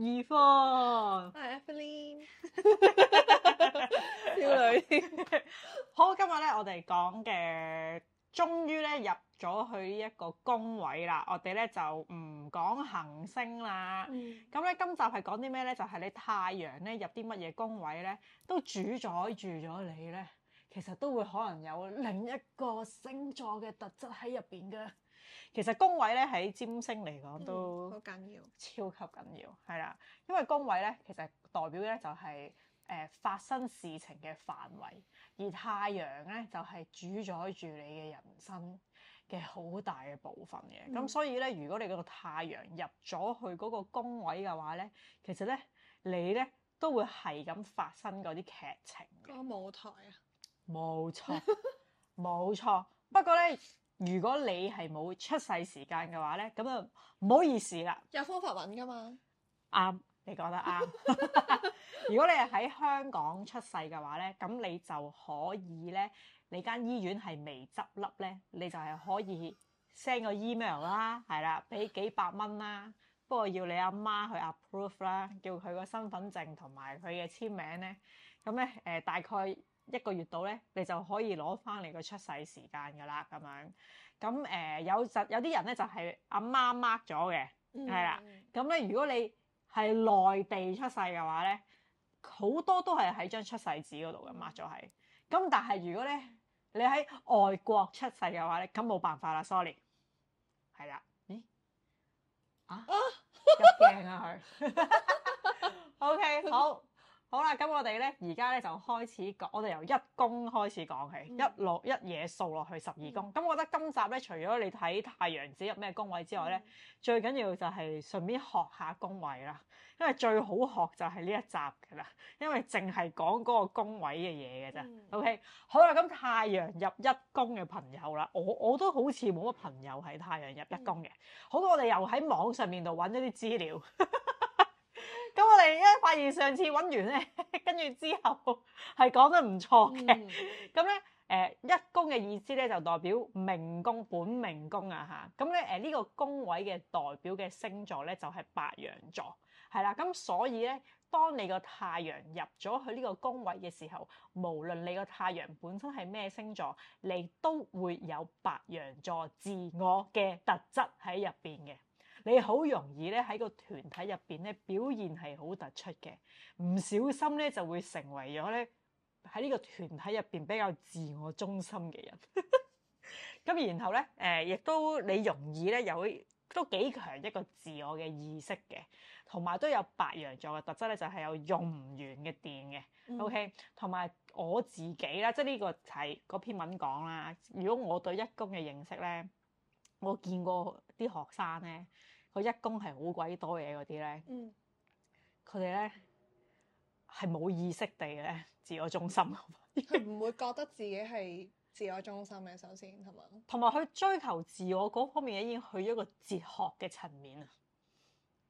二方，係我 Evelyn，笑女。好，今日咧，我哋講嘅終於咧入咗去一個宮位啦。我哋咧就唔講行星啦。咁咧、嗯、今集係講啲咩咧？就係、是、你太陽咧入啲乜嘢宮位咧，都主宰住咗你咧。其實都會可能有另一個星座嘅特質喺入邊噶。其實宮位咧喺占星嚟講都好緊、嗯、要，超級緊要，係啦。因為宮位咧，其實代表咧就係、是、誒、呃、發生事情嘅範圍，而太陽咧就係、是、主宰住你嘅人生嘅好大嘅部分嘅。咁、嗯、所以咧，如果你個太陽入咗去嗰個宮位嘅話咧，其實咧你咧都會係咁發生嗰啲劇情。個舞台啊？冇錯錯，冇錯。 不過咧。 如果你係冇出世時間嘅話咧，咁啊唔好意思啦。有方法揾噶嘛？啱， 你講得啱。如果你係喺香港出世嘅話咧，咁你就可以咧，你間醫院係未執笠咧，你就係可以 send 個 email 啦，係啦，俾幾百蚊啦。不過要你阿媽去 approve 啦，叫佢個身份證同埋佢嘅簽名咧，咁咧誒大概。一個月到咧，你就可以攞翻你個出世時間噶啦咁樣。咁誒、呃、有就有啲人咧就係阿媽 mark 咗嘅，係啦、嗯。咁咧如果你係內地出世嘅話咧，好多都係喺張出世紙嗰度咁 mark 咗係。咁、嗯、但係如果咧你喺外國出世嘅話咧，咁冇辦法啦，sorry。係啦，咦？啊？入鏡頭 啊 ！OK，好。好啦，咁我哋咧而家咧就開始講，我哋由一宮開始講起，嗯、一落一嘢掃落去十二宮。咁、嗯、我覺得今集咧除咗你睇太陽子入咩宮位之外咧，嗯、最緊要就係順便學下宮位啦。因為最好學就係呢一集噶啦，因為淨係講嗰個宮位嘅嘢嘅啫。嗯、OK，好啦，咁太陽入一宮嘅朋友啦，我我都好似冇乜朋友喺太陽入一宮嘅。嗯、好，我哋又喺網上面度揾咗啲資料。 我哋一發現上次揾完咧，跟住之後係講得唔錯嘅。咁咧、嗯，誒 一宮嘅意思咧就代表命宮、本命宮啊嚇。咁咧，誒呢個宮位嘅代表嘅星座咧就係白羊座，係啦。咁所以咧，當你太陽個太陽入咗去呢個宮位嘅時候，無論你個太陽本身係咩星座，你都會有白羊座自我嘅特質喺入邊嘅。你好容易咧喺個團體入邊咧表現係好突出嘅，唔小心咧就會成為咗咧喺呢個團體入邊比較自我中心嘅人。咁 然後咧，誒、呃、亦都你容易咧有都幾強一個自我嘅意識嘅，同埋都有白羊座嘅特質咧，就係有用唔完嘅電嘅。嗯、OK，同埋我自己啦，即係呢個就係嗰篇文講啦。如果我對一宮嘅認識咧，我見過啲學生咧。佢一宮係好鬼多嘢嗰啲咧，佢哋咧係冇意識地咧自我中心，佢唔會覺得自己係自我中心嘅。首先係咪？同埋佢追求自我嗰方面已經去咗個哲學嘅層面啊！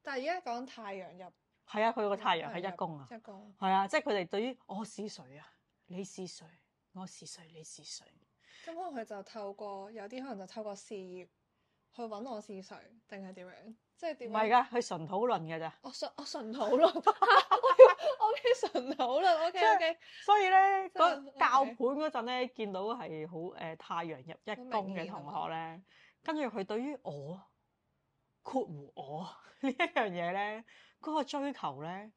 但係而家講太陽入係啊，佢個太陽係一宮啊，一宮，係啊，即係佢哋對於我、哦、是誰啊，你是誰，我是誰，你是誰？咁可能佢就透過有啲可能就透過事業。去揾我試是誰，定係點樣？即係點？唔係噶，去純討論噶咋？我純 我純討論，OK 純討論，OK OK 所以咧，嗰、okay。教盤嗰陣咧，見到係好誒太陽入一宮嘅同學咧，跟住佢對於我括弧我一呢一樣嘢咧，嗰、那個追求咧，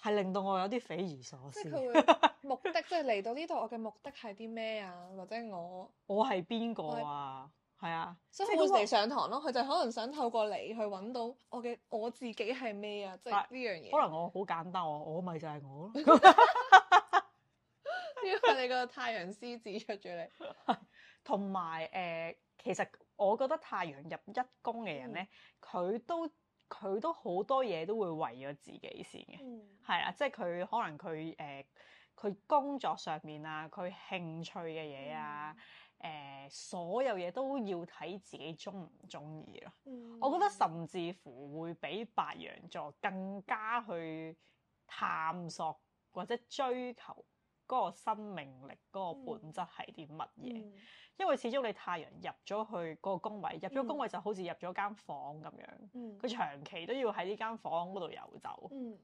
係令到我有啲匪夷所思。目的即係嚟到呢度，我嘅目的係啲咩啊？或者我 我係邊個啊？是係啊，所以本地上堂咯，佢就可能想透過你去揾到我嘅我自己係咩啊，即係呢樣嘢。可能我好簡單，我我咪就係我咯。呢個你個太陽獅子出住嚟，同埋誒，其實我覺得太陽入一宮嘅人咧，佢都佢都好多嘢都會為咗自己先嘅，係啊，即係佢可能佢誒，佢工作上面啊，佢興趣嘅嘢啊。誒、呃，所有嘢都要睇自己中唔中意咯。嗯、我覺得甚至乎會比白羊座更加去探索或者追求嗰個生命力、嗰個本質係啲乜嘢。嗯、因為始終你太陽入咗去個宮位，入咗宮位就好似入咗間房咁樣。佢、嗯、長期都要喺呢間房嗰度遊走，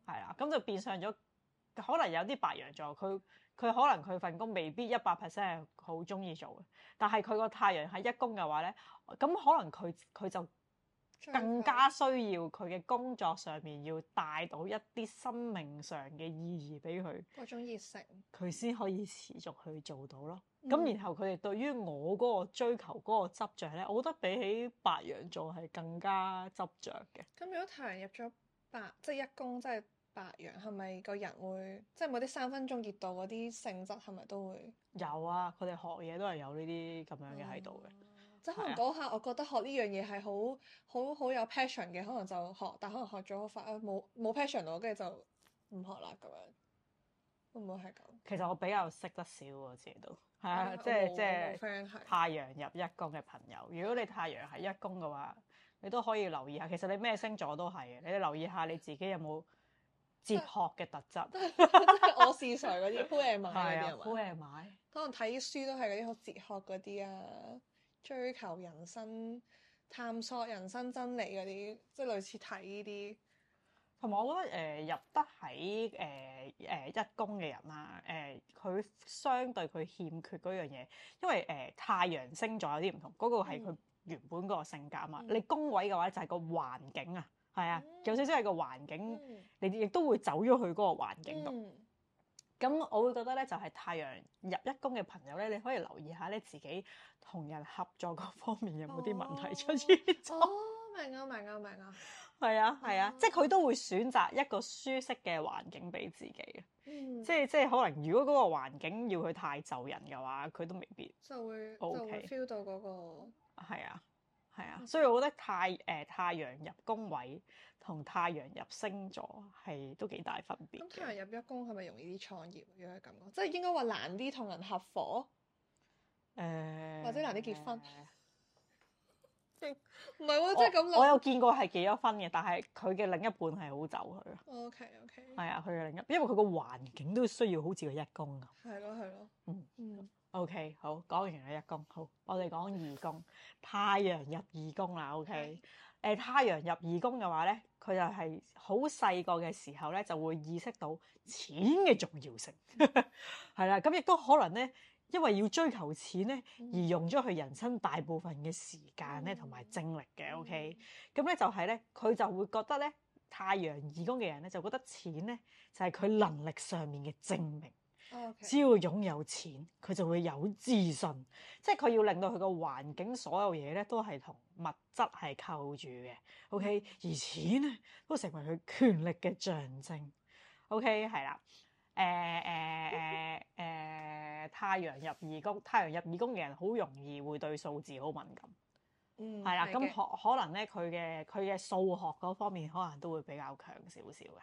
係啦、嗯，咁就變相咗可能有啲白羊座佢。佢可能佢份工未必一百 percent 係好中意做嘅，但係佢個太陽喺一宮嘅話咧，咁可能佢佢就更加需要佢嘅工作上面要帶到一啲生命上嘅意義俾佢嗰種熱誠，佢先可以持續去做到咯。咁、嗯、然後佢哋對於我嗰個追求嗰個執著咧，我覺得比起白羊座係更加執着嘅。咁、嗯、如果太陽入咗白，即係一宮，即係。白羊係咪個人會即係冇啲三分鐘熱度嗰啲性質係咪都會有啊？佢哋學嘢都係有呢啲咁樣嘅喺度嘅，即係、嗯是啊、可能嗰下我覺得學呢樣嘢係好好好有 passion 嘅，可能就學，但可能學咗發冇冇 passion 咯，跟住就唔學啦咁樣，會唔會係咁？其實我比較識得少我自己都係啊，嗯、即係是即係是、啊、太陽入一宮嘅朋友，如果你太陽係一宮嘅話，你都可以留意下。其實你咩星座都係嘅，你哋留意下你自己有冇。 哲學嘅特質 是我，我是誰嗰啲 Who am I 啊，Who am I？可能睇書都係嗰啲好哲學嗰啲啊，追求人生、探索人生真理嗰啲，即係類似睇呢啲。同埋我覺得誒、呃、入得喺誒誒一宮嘅人啦，誒、呃、佢相對佢欠缺嗰樣嘢，因為誒、呃、太陽星座有啲唔同，嗰、那個係佢原本嗰個性格啊嘛。嗯、你宮位嘅話就係個環境啊。係啊，有少少係個環境，嗯、你亦都會走咗去嗰個環境度。咁、嗯、我會覺得咧，就係、是、太陽入一宮嘅朋友咧，你可以留意下咧自己同人合作嗰方面有冇啲問題出咗、哦。哦，明，明，明啊，明啊，明啊。係啊，係啊，即係佢都會選擇一個舒適嘅環境俾自己。嗯。即係即係，可能如果嗰個環境要去太就人嘅話，佢都未必就。就會就會 feel 到、嗰個。係啊。係啊，所以我覺得太誒、呃、太陽入宮位同太陽入星座係都幾大分別。咁太陽入一宮係咪容易啲創業？如果係咁講，即係應該話難啲同人合伙，誒、呃，或者難啲結婚。唔係喎， 啊、我即係咁，我有見過係結咗婚嘅，但係佢嘅另一半係好走佢。O K O K。係啊，佢嘅另一半，因為佢個環境都需要好似佢一宮咁。係咯，係咯。嗯、啊、嗯。嗯 O、okay, K，好，講完啦一宮，好，我哋講二宮，嗯、太陽入二宮啦。O K，誒，太陽入二宮嘅話咧，佢就係好細個嘅時候咧，就會意識到錢嘅重要性，係 啦。咁亦都可能咧，因為要追求錢咧，而用咗佢人生大部分嘅時間咧，同埋精力嘅。O K，咁咧就係咧，佢就會覺得咧，太陽二宮嘅人咧，就覺得錢咧就係、是、佢能力上面嘅證明。只要擁有錢，佢就會有自信，即係佢要令到佢個環境所有嘢咧都係同物質係扣住嘅。OK，嗯，而錢咧都成為佢權力嘅象徵。OK，係啦，誒誒誒誒，太陽入二宮，太陽入二宮嘅人好容易會對數字好敏感。嗯，係啦，咁可可能咧佢嘅佢嘅數學嗰方面可能都會比較強少少嘅。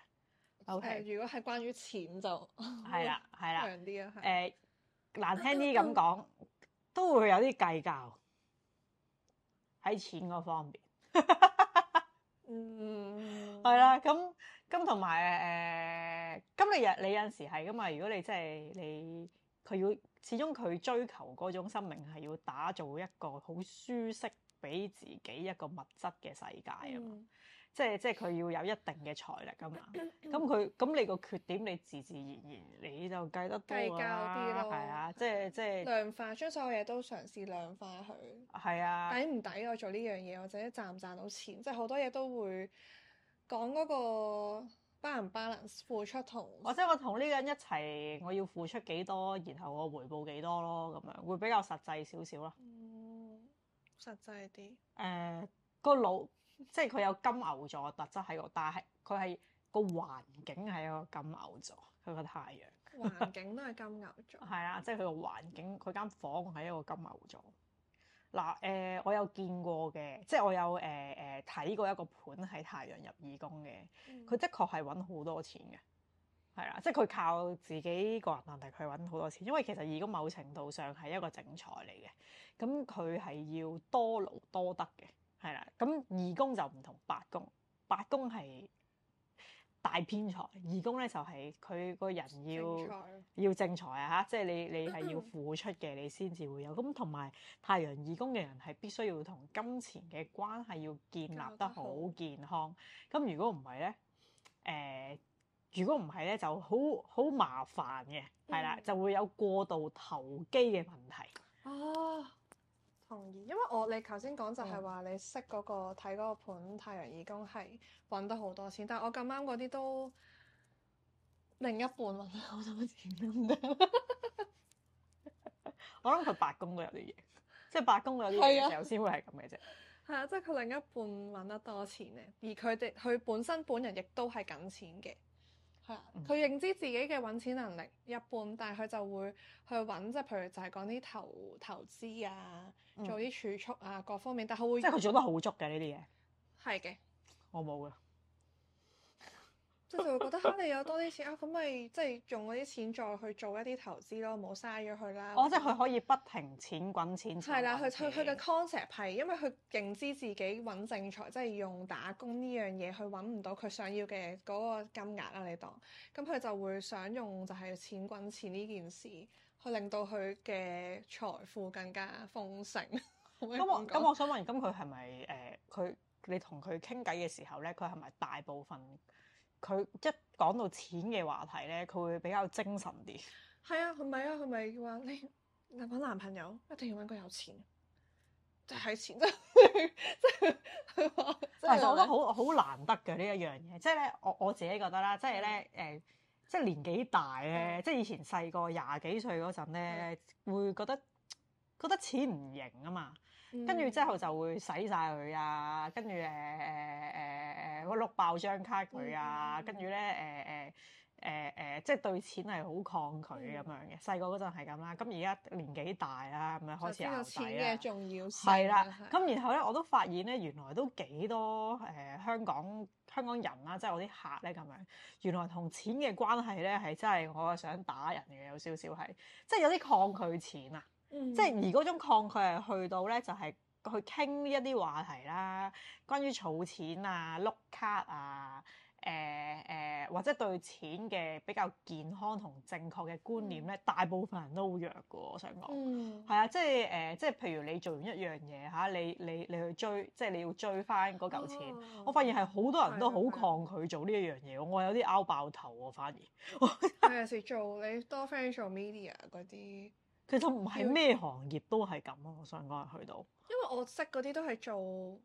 OK，如果係關於錢就係啦，係 啦，誒、 嗯、難聽啲咁講都會有啲計較喺錢嗰方面。 嗯，係啦，咁咁同埋誒，咁、呃、你，你有你有陣時係㗎嘛？如果你真、就、係、是、你佢要始終佢追求嗰種生命係要打造一個好舒適俾自己一個物質嘅世界啊嘛。嗯即係即係佢要有一定嘅財力㗎嘛，咁佢咁你個缺點，你自自然然你就計得到啦，計較啲咯，係啊，即係即係量化將所有嘢都嘗試量化佢，係啊，抵唔抵我做呢樣嘢，或者賺唔賺到錢，即係好多嘢都會講嗰個 balance 付出同或者我同呢個人一齊，我要付出幾多，然後我回報幾多咯，咁樣會比較實際少少咯，嗯，實際啲，誒、uh，個腦。即係佢有金牛座嘅特質喺度，但係佢係個環境係一個金牛座，佢個太陽 環境都係金牛座。係 啊，即係佢個環境，佢、嗯、間房係一個金牛座。嗱、啊，誒、呃，我有見過嘅，即係我有誒誒睇過一個盤喺太陽入二宮嘅，佢的確係揾好多錢嘅，係啦、嗯，即係佢靠自己個人能力去揾好多錢，因為其實二宮某程度上係一個整財嚟嘅，咁佢係要多勞多得嘅。係啦，咁二宮就唔同八宮，八宮係大偏財，二宮咧就係、是、佢個人要正才要正財啊！嚇，即係你你係要付出嘅，你先至會有。咁同埋太陽二宮嘅人係必須要同金錢嘅關係要建立得好健康。咁好如果唔係咧，誒、呃、如果唔係咧就好好麻煩嘅，係啦、嗯，就會有過度投機嘅問題。哦、啊。同意，因為我你頭先講就係話你識嗰、嗰個睇嗰個盤，太陽二宮係揾得好多錢，但係我咁啱嗰啲都另一半揾好多錢，都唔得 我諗佢八宮都有啲嘢，即係八宮有啲嘢有先會係咁嘅啫。係啊，即係佢另一半揾得多錢咧，而佢哋佢本身本人亦都係緊錢嘅。係佢，嗯、認知自己嘅揾錢能力一般，但係佢就會去揾，即係譬如就係講啲投投資啊，嗯、做啲儲蓄啊，各方面，但佢會即係佢做得好足嘅呢啲嘢。係嘅。的我冇㗎。即係 會覺得嚇你有多啲錢啊，咁咪即係用嗰啲錢再去做一啲投資咯，冇嘥咗佢啦。 哦，即係佢可以不停錢滾錢。係啦， 佢佢佢嘅 concept 係因為佢認知自己揾正財，即係用打工呢樣嘢去揾唔到佢想要嘅嗰個金額啦。你當咁佢就會想用就係錢滾錢呢件事去令到佢嘅財富更加豐盛。咁咁， 我想問，咁佢係咪誒佢你同佢傾偈嘅時候咧，佢係咪大部分？佢一講到錢嘅話題咧，佢會比較精神啲。係啊，佢咪啊，佢咪話你揾男朋友一定要揾個有錢嘅，就係錢即係。係話即係我覺得好好難得嘅呢一樣嘢，即係咧我我自己覺得啦，即係咧誒，即、呃、係、就係、年紀大咧，即係的以前細個廿幾歲嗰陣咧，的會覺得覺得錢唔型啊嘛。跟住、嗯、之後就會洗晒佢啊，跟住誒誒誒誒會碌爆張卡佢啊，跟住咧誒誒誒誒即係對錢係好抗拒咁、嗯、樣嘅。細個嗰陣係咁啦，咁而家年紀大啦咁樣開始牛底錢嘅重要性係啦，咁然後咧我都發現咧原來都幾多誒、呃、香港香港人啦，即係我啲客咧咁樣，原來同錢嘅關係咧係真係我想打人嘅，有少少係即係有啲抗拒錢啊。嗯、即係而嗰種抗拒係去到咧，就係去傾一啲話題啦，關於儲錢啊、碌卡啊、誒、呃、誒、呃，或者對錢嘅比較健康同正確嘅觀念咧，嗯、大部分人都好弱噶。我想講，係啊、嗯，即係誒、呃，即係譬如你做完一樣嘢吓，你你你，你去追，即係你要追翻嗰嚿錢。啊、我發現係好多人都好抗拒做呢一樣嘢，我有啲拗爆頭喎。反而我有時做你多份做 media 嗰啲。其實唔係咩行業都係咁咯，我上個月去到。因為我識嗰啲都係做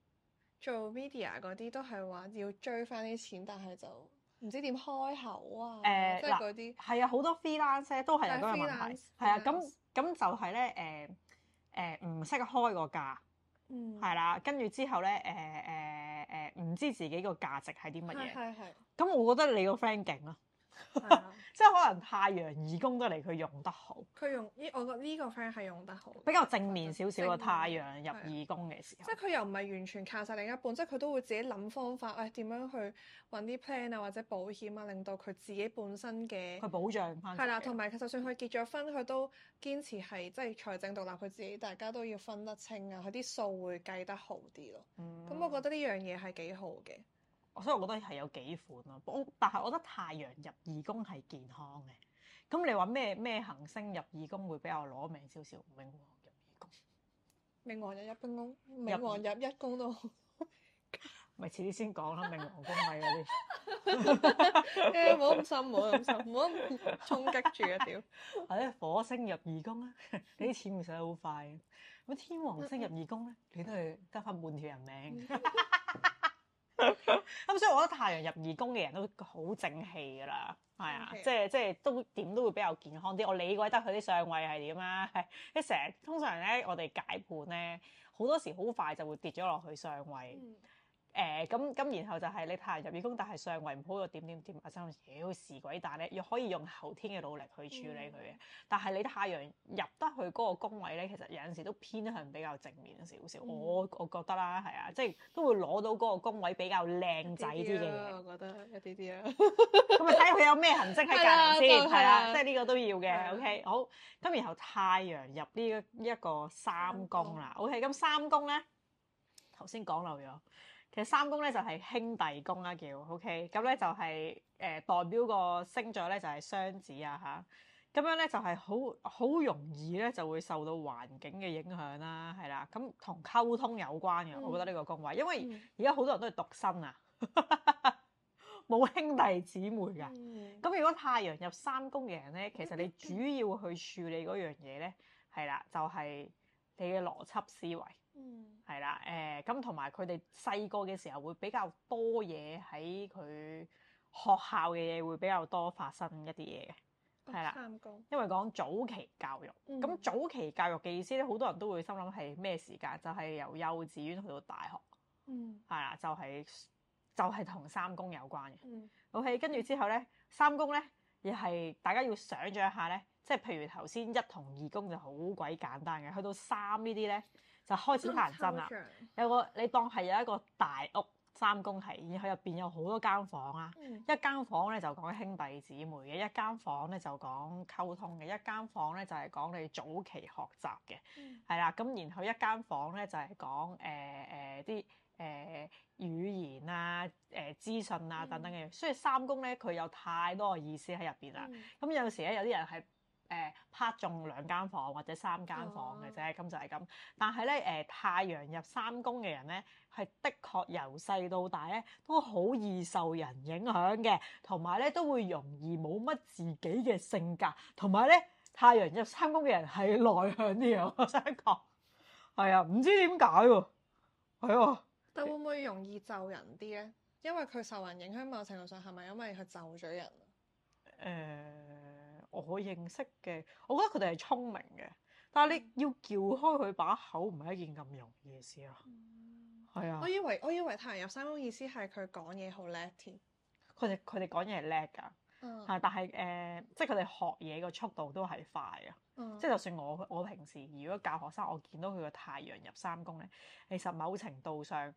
做 media 嗰啲，都係話要追翻啲錢，但係就唔知點開口啊。誒嗱、欸，嗰啲係啊，好多 freelancer 都係有嗰樣問題。係啊 freelance，咁咁就係咧，誒誒唔識開個價，嗯，係啦、啊。跟住之後咧，誒誒誒唔知自己個價值係啲乜嘢。係係。咁我覺得你個 friend 勁啊！係咯， 即係可能太陽二宮得嚟，佢用得好。佢用依，我覺呢個 friend 係用得好，比較正面少少個太陽入二宮嘅時候。即係佢又唔係完全靠晒另一半，即係佢都會自己諗方法，喂、哎、點樣去搵啲 plan 啊或者保險啊，令到佢自己本身嘅佢保障返係啦，同埋佢就算佢結咗婚，佢都堅持係即係財政獨立，佢自己大家都要分得清啊，佢啲數會計得好啲咯。咁我覺得呢樣嘢係幾好嘅。嗯所以我覺得係有幾款咯、啊，但係我覺得太陽入二宮係健康嘅。咁你話咩咩行星入二宮會比較攞命少少？冥王入二宮，冥王入一,一宮，冥王入一宮都好，咪遲啲先講啦。冥 王宮咪、 欸、啊，唔冇咁深，冇咁深，冇咁衝擊住一屌，或者火星入二宮咧，啲錢會使得好快。咁天王星入二宮咧，嗯、你都係加翻半條人命。 咁 所以我覺得太陽入二宮嘅人都好正氣㗎喇，係啊，啊即係即係都點都會比較健康啲。我理鬼得佢啲相位係點啊？你成日通常咧，我哋解盤咧，好多時好快就會跌咗落去相位。嗯誒咁咁，然後就係你太陽入二宮，但係上圍唔好又點點點，阿生屌時鬼，但係又可以用後天嘅努力去處理佢嘅。嗯、但係你太陽入得去嗰個宮位咧，其實有陣時都偏向比較正面少少，嗯、我我覺得啦，係啊，即係都會攞到嗰個宮位比較靚仔啲嘅、啊、我覺得一啲啲啊。咁啊睇下佢有咩痕跡喺隔籬先，係啦、 啊，即係呢個都要嘅。啊、OK，好。咁然後太陽入呢一一個三宮啦。OK，咁三宮咧，頭先講漏咗。其實三宮咧就係、是、兄弟宮啦，叫 OK，咁咧就係、是、誒、呃、代表個星座咧就係、是、雙子啊嚇，咁、啊、樣咧就係好好容易咧就會受到環境嘅影響啦、啊，係啦，咁同溝通有關嘅，我覺得呢個宮位，嗯、因為而家好多人都係獨生啊，冇 兄弟姊妹噶，咁、嗯、如果太陽入三宮嘅人咧，其實你主要去處理嗰樣嘢咧，係啦，就係、是、你嘅邏輯思維。嗯，係啦，誒、呃，咁同埋佢哋細個嘅時候會比較多嘢喺佢學校嘅嘢會比較多發生一啲嘢嘅係啦，因為講早期教育咁、嗯、早期教育嘅意思咧，好多人都會心諗係咩時間？就係、是、由幼稚園去到大學，嗯，係啦，就係、是、就係、是、同三宮有關嘅。好、嗯，跟住、okay，之後咧，三宮咧亦係大家要想象一下咧，即、就、係、是、譬如頭先一同二宮就好鬼簡單嘅，去到三呢啲咧。就開始行真啦，有個你當係有一個大屋三宮係，然後入邊有好多房、嗯、間房啊，一間房咧就講兄弟姊妹嘅，一間房咧就講溝通嘅，一間房咧就係講你早期學習嘅。係啦、嗯，咁然後一間房咧就係、是、講誒誒啲誒語言啊、誒資訊啊等等嘅嘢，嗯、所以三宮咧佢有太多嘅意思喺入邊啦，咁、嗯、有時咧有啲人係。誒，拍中兩間房或者三間房嘅啫，咁就係咁。但係咧，誒太陽入三宮嘅人咧，係的確由細到大咧都好易受人影響嘅，同埋咧都會容易冇乜自己嘅性格，同埋咧太陽入三宮嘅人係內向啲啊，我想講係啊，唔知點解喎，係啊。但會唔會容易就人啲咧？因為佢受人影響，某程度上係咪因為佢就咗人？誒。我認識嘅，我覺得佢哋係聰明嘅，但係你要撬開佢把口唔係一件咁容易嘅事。嗯、啊。係啊。我以為我以為太陽入三宮意思係佢講嘢好叻添，佢哋佢哋講嘢係叻㗎，嚇！嗯、但係誒、呃，即係佢哋學嘢嘅速度都係快啊，嗯、即係就算我我平時如果教學生，我見到佢個太陽入三宮咧，其實某程度上。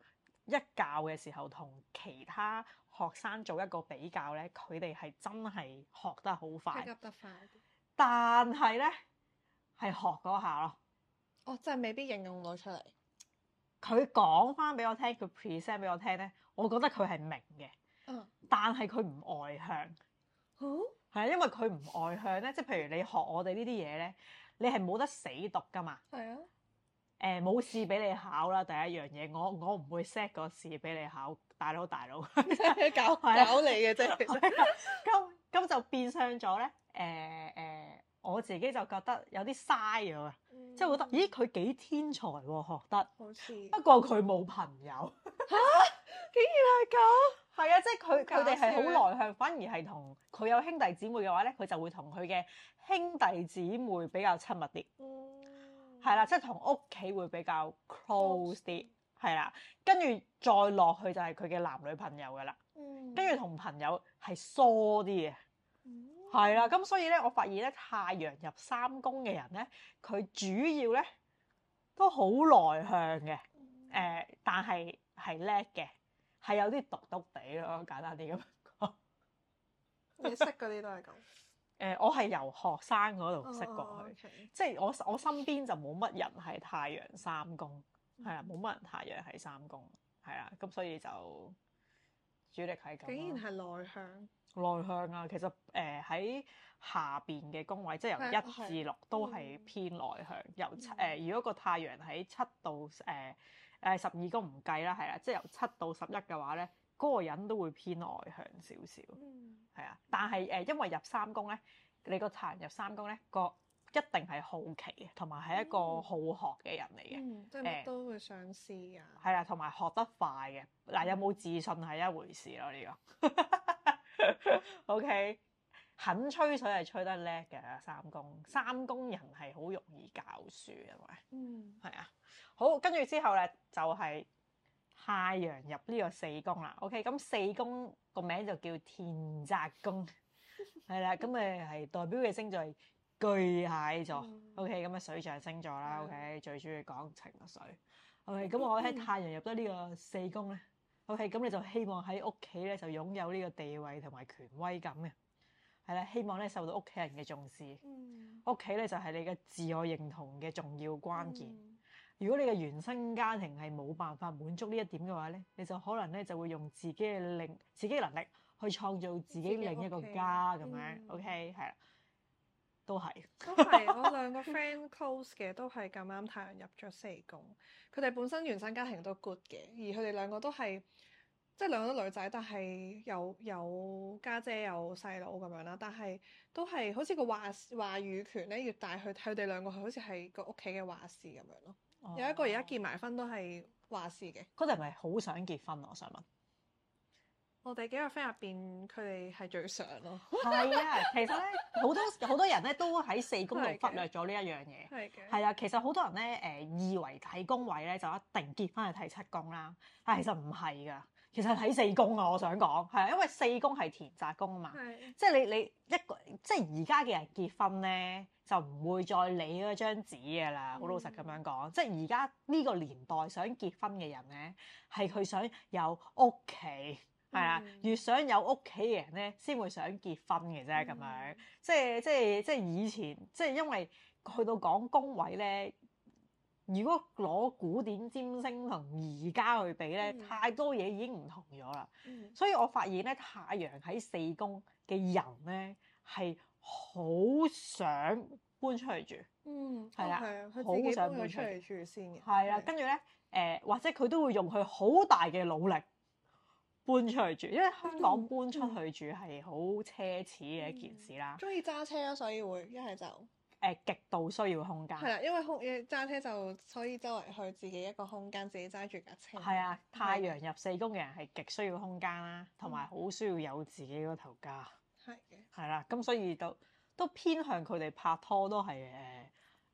一教嘅時候同其他學生做一個比較咧，佢哋係真係學得好快。得快。但係咧，係學嗰下咯。哦，真係未必應用到出嚟。佢講翻俾我聽，佢 present 俾我聽咧，我覺得佢係明嘅。嗯。但係佢唔外向。哦。係啊，因為佢唔外向咧，即係譬如你學我哋呢啲嘢咧，你係冇得死讀噶嘛。係啊。誒冇事俾你考啦，第一樣嘢，我我唔會 set 個試俾你考，大佬大佬， 搞你嘅啫，咁咁就變相咗咧。誒、呃、誒、呃，我自己就覺得有啲嘥咗啊，即係、嗯、覺得，咦佢幾天才、啊、學得，好似不過佢冇朋友嚇、 啊，竟然係咁，係 啊，即係佢佢哋係好內向， 反而係同佢有兄弟姊妹嘅話咧，佢就會同佢嘅兄弟姊妹比較親密啲。嗯係啦，即係同屋企會比較 close 啲，係啦、嗯，跟住再落去就係佢嘅男女朋友噶啦，嗯、跟住同朋友係疏啲嘅，係啦、嗯，咁所以咧，我發現咧，太陽入三宮嘅人咧，佢主要咧都好內向嘅，誒、嗯呃，但係係叻嘅，係有啲獨獨地咯，簡單啲咁講，你識嗰啲都係咁。誒、呃，我係由學生嗰度識過去，oh, okay. 即係我我身邊就冇乜人係太陽三宮，係啊， 冇乜人太陽係三宮。係啊，咁所以就主力係咁、啊。竟然係內向，內向啊！其實誒喺、呃、下邊嘅宮位，即係由一的至六都係偏內向。的嗯、由七、呃、如果個太陽喺七到誒誒、呃呃、十二宮，唔計啦，係啊，即係由七到十一嘅話咧，嗰個人都會偏外向少少，係啊、嗯，但係誒、呃，因為入三宮咧，你個財入三宮咧，個一定係好奇嘅，同埋係一個好學嘅人嚟嘅，誒、嗯呃、咩都會想試嘅，係啦，同埋學得快嘅，嗱有冇自信係一回事咯、啊，呢 個，OK，肯吹水係吹得叻嘅三宮，三宮人係好容易教書嘅，嗯，係啊，好，跟住之後咧就係、是。太陽入呢個四宮啦，OK，咁四宮個名就叫田宅宮，係啦， 咁誒係代表嘅星座係巨蟹座、嗯、，OK，咁啊水象星座啦、嗯、，OK，最鍾意講情水，OK 咁我喺太陽入得呢個四宮咧，OK，咁你就希望喺屋企咧就擁有呢個地位同埋權威感嘅，係啦，希望咧受到屋企人嘅重視，屋企咧就係、是、你嘅自我認同嘅重要關鍵。嗯嗯如果你嘅原生家庭係冇辦法滿足呢一點嘅話咧，你就可能咧就會用自己嘅另自己能力去創造自己另一個家咁樣、自己 OK、嗯、，OK 係啦，都係都係我兩個 friend close 嘅，都係咁啱太陽入咗四宮，佢哋本身原生家庭都 good 嘅，而佢哋兩個都係即係兩個都女仔，但係有有家姐，姐有細佬咁樣啦，但係都係好似個話話語權咧越大，佢佢哋兩個好似係個屋企嘅話事咁樣咯。有一個而家結埋婚都係話事嘅，佢哋係咪好想結婚？我想問。我哋幾個 friend 入邊，佢哋係最想咯。係啊， 其實咧好多好多人咧都喺四宮度忽略咗呢一樣嘢。係嘅。係啊，其實好多人咧誒以為睇宮位咧就一定結婚去睇七宮啦，但其實唔係㗎。其實睇四宮啊，我想講，係啊，因為四宮係田宅宮啊嘛，的即係你你一個，即係而家嘅人結婚咧，就唔會再理嗰張紙嘅啦。好、嗯、老實咁樣講，即係而家呢個年代想結婚嘅人咧，係佢想有屋企，係啊，越、嗯、想有屋企嘅人咧，先會想結婚嘅啫。咁、嗯、樣，即係即係即係以前，即係因為去到講宮位咧。如果攞古典占星同而家去比咧，嗯、太多嘢已經唔同咗啦。嗯、所以我發現咧，太陽喺四宮嘅人咧，係好想搬出去住。嗯，係啊的，好 Okay, 想搬出去住先嘅。係啦的，跟住咧，誒、呃、或者佢都會用佢好大嘅努力搬出去住，因為香港搬出去住係好奢侈嘅一件事啦。中意揸車咯，所以會一係就。誒極度需要空間，係啦，因為空揸車就可以周圍去，自己一個空間，自己揸住架車。係啊的，太陽入四宮嘅人係極需要空間啦，同埋好需要有自己個頭家。係嘅的。係啦，咁所以都都偏向佢哋拍拖都係誒。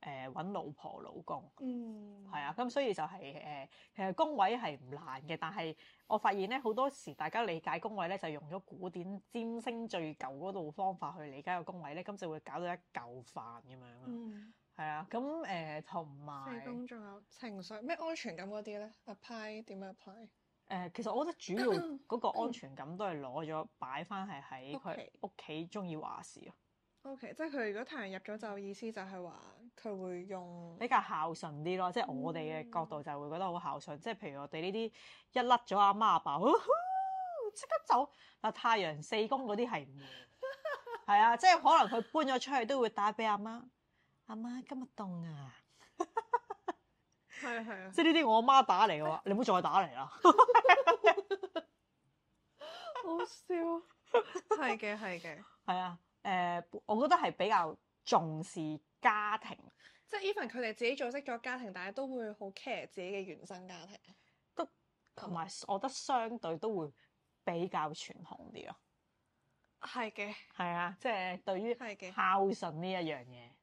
誒揾、呃、老婆老公，嗯，係啊，咁所以就係、是、誒、呃、其實宮位係唔難嘅，但係我發現咧好多時大家理解宮位咧就用咗古典占星最舊嗰度方法去理解個宮位咧，咁就會搞到一嚿飯咁樣咯。嗯，係啊，咁誒同埋四宮仲有情緒咩安全感嗰啲咧 Apply 點樣 apply？誒，其實我覺得主要嗰個安全感都係攞咗擺翻係喺佢屋企中意話事啊。O、okay, K，即係佢如果太陽入咗，就意思就係話。佢會用比較孝順啲咯，即係我哋嘅角度就會覺得好孝順。即係譬如我哋呢啲一甩咗阿媽阿爸，即刻走。嗱，但太陽四宮嗰啲係唔會，係啊， 即係可能佢搬咗出去都會打俾阿媽。阿媽今日凍啊！係啊係啊！即係呢啲我媽打嚟嘅話，你唔好再打嚟啦。好笑，， 係嘅係嘅。係啊，誒， 我覺得係比較重視。家庭，即係 even 佢哋自己組織咗家庭，但係都會好 care 自己嘅原生家庭。都同埋，我覺得相對都會比較傳統啲咯。係嘅的，係啊，即係對於孝順呢一樣嘢的，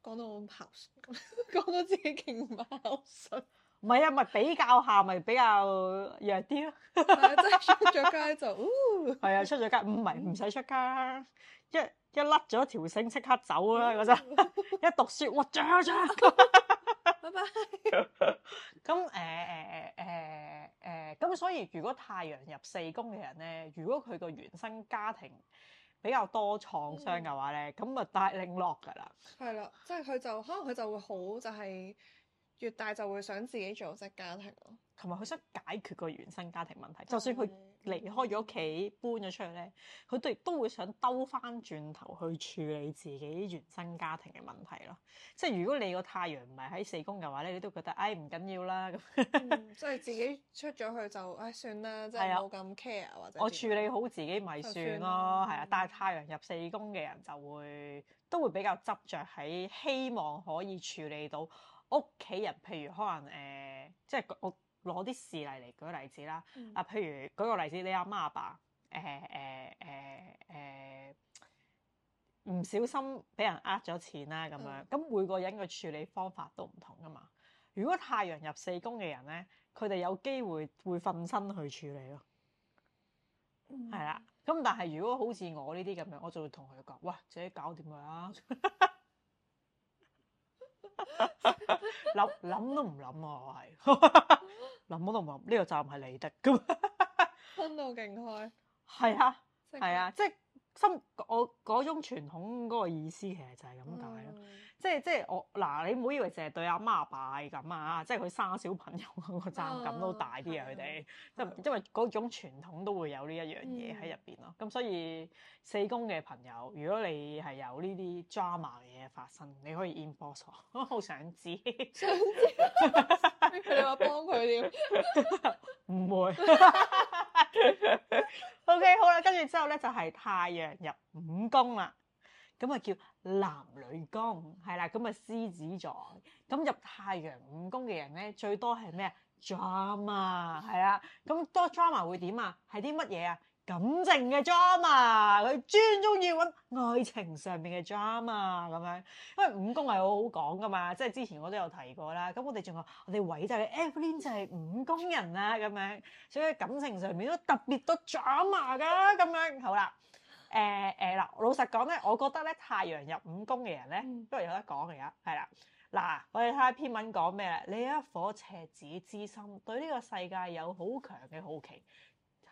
講到孝順，講到自己勁唔孝順，唔係啊，咪比較下咪 比較弱啲咯，啊。 但真出咗街就、嗯，係 啊，出咗街唔係唔使出街噶，一、yeah。一甩咗條繩，即刻走啦！嗰陣一讀書，我著著，拜拜，咁，誒誒誒誒，咁所以如果太陽入四宮嘅人咧，如果佢個原生家庭比較多創傷嘅話咧，咁咪大另落㗎啦。係、hmm. 啦，即係佢就可能佢就會好，就係、是、越大就會想自己組織家庭咯，同埋佢想解決個原生家庭問題，mm hmm. 就算佢。離開咗屋企搬咗出去咧，佢都亦都會想兜返轉頭去處理自己原生家庭嘅問題咯。即係如果你個太陽唔係喺四宮嘅話咧，你都覺得唉唔緊要啦咁。嗯、 即係自己出咗去就唉、哎、算啦，即係冇咁 care 啊或者。我處理好自己咪算咯，係啊。但太陽入四宮嘅人就會都會比較執着，喺希望可以處理到屋企人，譬如可能誒、呃，即係我。攞啲事例嚟舉例子啦，嗯、啊，譬如舉個例子，你阿媽阿爸誒誒誒誒唔小心俾人呃咗錢啦咁樣，咁、嗯、每個人嘅處理方法都唔同噶嘛。如果太陽入四宮嘅人咧，佢哋有機會會瞓身去處理咯。係啦、嗯，咁但係如果好似我呢啲咁樣，我就會同佢講，哇，自己搞掂佢啦。 諗諗 都唔諗啊，我係諗都唔諗，呢、這個站係你的咁，分到勁開，係啊係刻啊，啊，即係心我嗰種傳統嗰個，個意思，其實就係咁解咯。即係即係我嗱，你唔好以為淨係對阿媽阿爸咁啊！即係佢生小朋友，個責任感都大啲啊！佢哋，即係因為嗰種傳統都會有呢一樣嘢喺入邊咯。咁、嗯、所以四宮嘅朋友，如果你係有呢啲 drama 嘅嘢發生，你可以 inbox 我，我好想知。想知？ 你話幫佢點？唔 不會。 o、okay, K，好啦，跟住之後咧就係、是、太陽入五宮啦。咁啊叫男女宮，係啦，咁啊獅子座，咁入太陽五宮嘅人咧，最多係咩啊？drama，係啦，咁多 drama 會點啊？係啲乜嘢啊？感情嘅 drama，佢專中意揾愛情上面嘅 drama 咁樣，因為五宮係好好講噶嘛，即係之前我都有提過啦。咁我哋仲有我哋偉大嘅 Aveline 就係五宮人啦，咁樣，所以感情上面都特別多 drama 噶，咁樣，好啦。誒誒嗱，老實講咧，我覺得咧太陽入五宮嘅人咧，嗯、都係有得講嘅，而家係啦。嗱，我哋睇下篇文講咩啦？ 你有一顆赤子之心，對呢個世界有好強嘅好奇。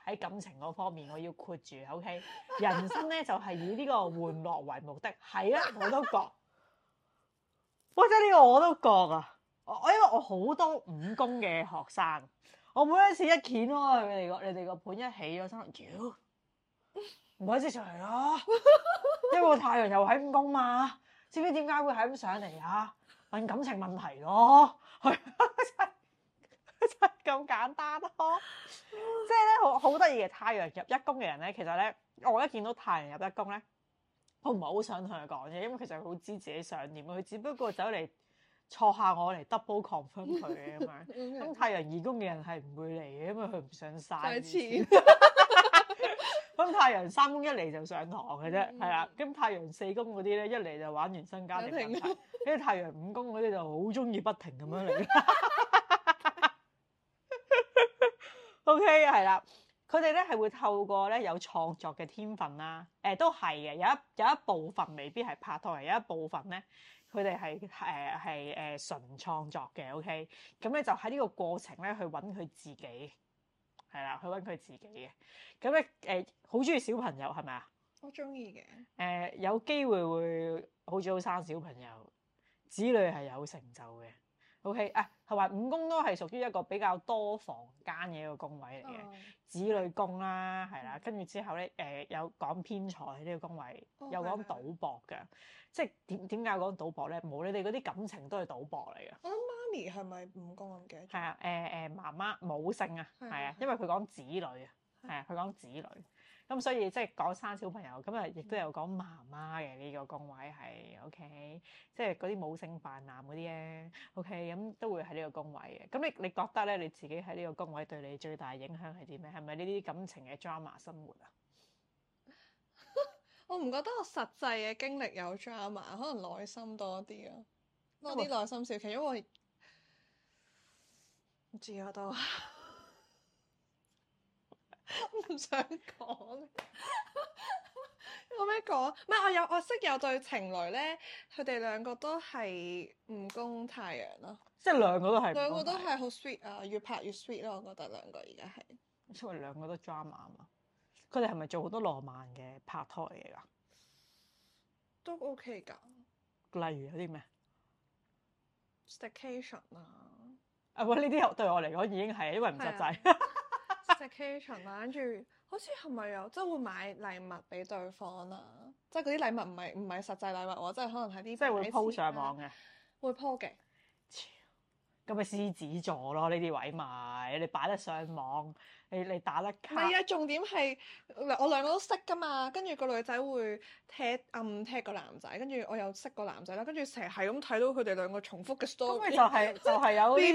喺感情嗰方面，我要豁住，OK？ 人生咧就係、是、以呢個玩樂為目的。係啊，我都覺。或者呢個我都覺啊！我因為我好多五宮嘅學生，我每一次一掀開你個你哋個盤，一起咗三唔好即上嚟咯，因為太陽又喺五宮嘛。知唔知點解會喺咁上嚟啊？問感情問題咯，係、啊，就咁簡單咯。即係咧，好好得意嘅太陽入一宮嘅人咧，其實咧，我一見到太陽入一宮咧，我唔係好想同佢講嘢，因為其實佢好知自己想點。佢只不過走嚟坐下我嚟 double confirm 佢咁樣。咁太陽二宮嘅人係唔會嚟嘅，因為佢唔想晒錢。太前。 咁太陽三公一嚟就上堂嘅啫，係啦、嗯。咁太陽四公嗰啲咧，一嚟就玩原生家庭。跟住 太陽五公嗰啲就好中意不停咁樣嚟。O K，係啦，佢哋咧係會透過咧有創作嘅天分啦。誒、呃，都係嘅。有一有一部分未必係拍拖，而有一部分咧，佢哋係誒係誒純創作嘅。O K，咁咧就喺呢個過程咧去揾佢自己。係啦，去揾佢自己嘅，咁咧誒，好中意小朋友係咪啊？我中意嘅，誒、呃、有機會會好早生小朋友，子女係有成就嘅。Ok，啊！係話五宮都係屬於一個比較多房間嘅一個宮位嚟嘅，oh. 子女宮啦，係啦，跟住、嗯、之後咧，誒、呃、有講偏財呢個宮位，oh, 有講賭博嘅，的即係點點解講賭博咧？冇你哋嗰啲感情都係賭博嚟嘅。我諗媽咪係咪五宮咁嘅？係啊，誒、呃、誒、呃，媽媽母性啊，係啊，的因為佢講子女啊，係啊，佢講子女。咁、嗯、所以即係講生小朋友，咁啊亦都有講媽媽嘅呢、這個宮位係 OK，即係嗰啲母性泛濫嗰啲咧 OK，咁都會喺呢個宮位嘅。咁你你覺得咧你自己喺呢個宮位對你最大影響係啲咩？係咪呢啲感情嘅 drama 生活啊？ 我唔覺得我實際嘅經歷有 drama，可能內心多啲啊。多啲內心少，其因為唔知我都。唔 想講說，有咩講？唔係我有我識有對情侶咧，佢哋兩個都係五宮太陽咯，即係兩個都係，兩個都係好 sweet 啊，越拍越 sweet 咯，啊，我覺得兩個而家係，因為兩個都 drama 啊嘛，佢哋係咪做好多浪漫嘅拍拖嘢噶？都 OK 噶，例如有啲咩 staycation 啊，啊，呢啲對我嚟講已經係，因為唔實際。relationship 啦，跟住好似係咪有即係會買禮物俾對方啊？即係嗰啲禮物唔係唔係實際禮物喎，即係可能係啲即係會 po 上網嘅，會 po 嘅。咁咪獅子座咯，呢啲位咪你擺得上網。你你打甩卡？係啊，重點係我兩個都識噶嘛。跟住個女仔會踢暗、嗯、踢個男仔，跟住我又識個男仔啦。跟住成日係咁睇到佢哋兩個重複嘅 story、就係。就係、是、 就係有呢啲。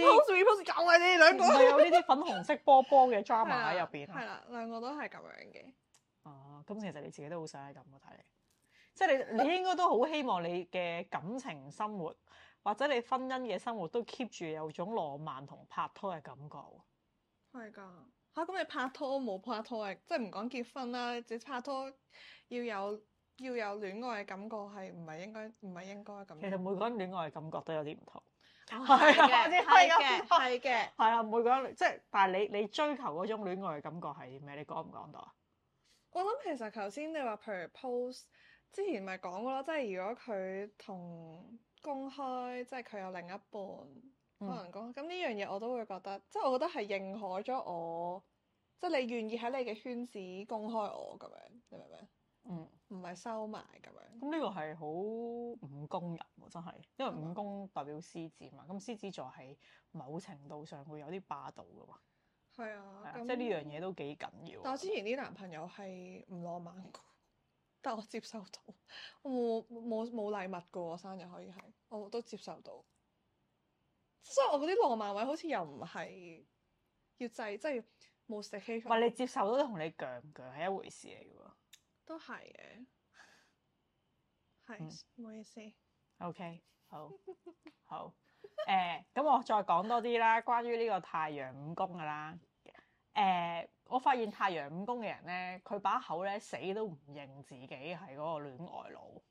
你哋兩個有呢啲粉紅色波波嘅 drama 喺入邊 了。係啦，兩個都係咁樣嘅。啊，咁其實你自己都好想係咁嘅睇，即係你你應該都好希望你嘅感情生活或者你婚姻嘅生活都 keep 住有種浪漫同拍拖嘅感覺喎。係㗎。咁、啊、你拍拖冇拍拖嘅，即係唔講結婚啦，只拍拖要有要有戀愛嘅感覺係唔係應該唔係應該咁？其實每個人戀愛嘅感覺都有啲唔同，係嘅係嘅係啊，每個人即係，但係你你追求嗰種戀愛嘅感覺係咩？你講唔講到啊？我諗其實頭先你話，譬如 post 之前咪講過咯，即係如果佢同公開，即係佢有另一半。可能講咁呢樣嘢，我都會覺得，即係我覺得係認可咗我，即係你願意喺你嘅圈子公開我咁樣，你明唔明？嗯，唔係收埋咁、嗯、樣。咁呢、嗯、個係好五宮人喎，真係，因為五宮代表獅子嘛，咁、嗯、獅子座係某程度上會有啲霸道噶嘛。係啊，對嗯、即係呢樣嘢都幾緊要。但我之前啲男朋友係唔浪漫但我接受到，我冇冇冇禮物嘅喎，生日可以係，我都接受到。所以、so, 我嗰啲浪漫位好似又唔係要制，即係冇食激素。你接受到同你強唔強嘅係一回事嚟嘅，都係是嘅，係唔好意思。O、okay, K，好， 好，誒、呃，咁我再講多啲啦， 關於呢個太陽五宮噶啦。誒、呃，我發現太陽五宮嘅人咧，佢把口咧死都唔認自己係嗰個戀愛腦。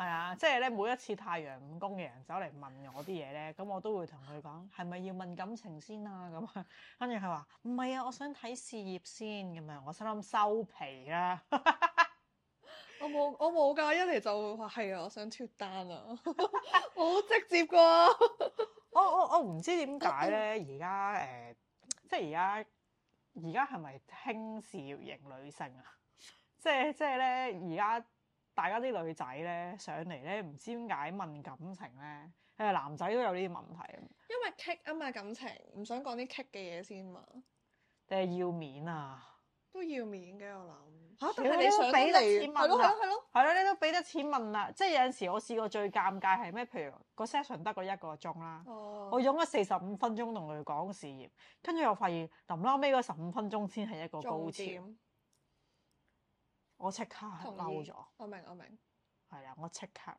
係啊，即係咧，每一次太陽五宮嘅人走嚟問我啲嘢咧，咁我都會同佢講係咪要問感情先啊？咁啊，跟住佢話唔係啊，我想睇事業先咁樣，我心諗收皮啦 我冇我冇㗎，一嚟就話係啊，我想脱單啊，好 直接㗎。 我我我唔知點解咧，而家誒，即係而家而家係咪興事業型女性啊？即係即係咧，而家。大家啲女仔咧，上嚟咧，唔知點解問感情咧，誒男仔都有呢啲問題。因為棘啊嘛感情，唔想講啲棘嘅嘢先嘛。定係要面啊？都要面嘅，啊、我諗。嚇、啊！但係你都俾得錢問啦，係咯係咯，係咯你都俾得錢問啦。即係有陣時我試過最尷尬係咩？譬如個 session 得個一個鐘啦，哦，我用咗四十五分鐘同佢哋講事業，跟住我發現臨撈尾嗰十五分鐘先係一個高潮。我即刻嬲咗，我明我明，係啊！我即刻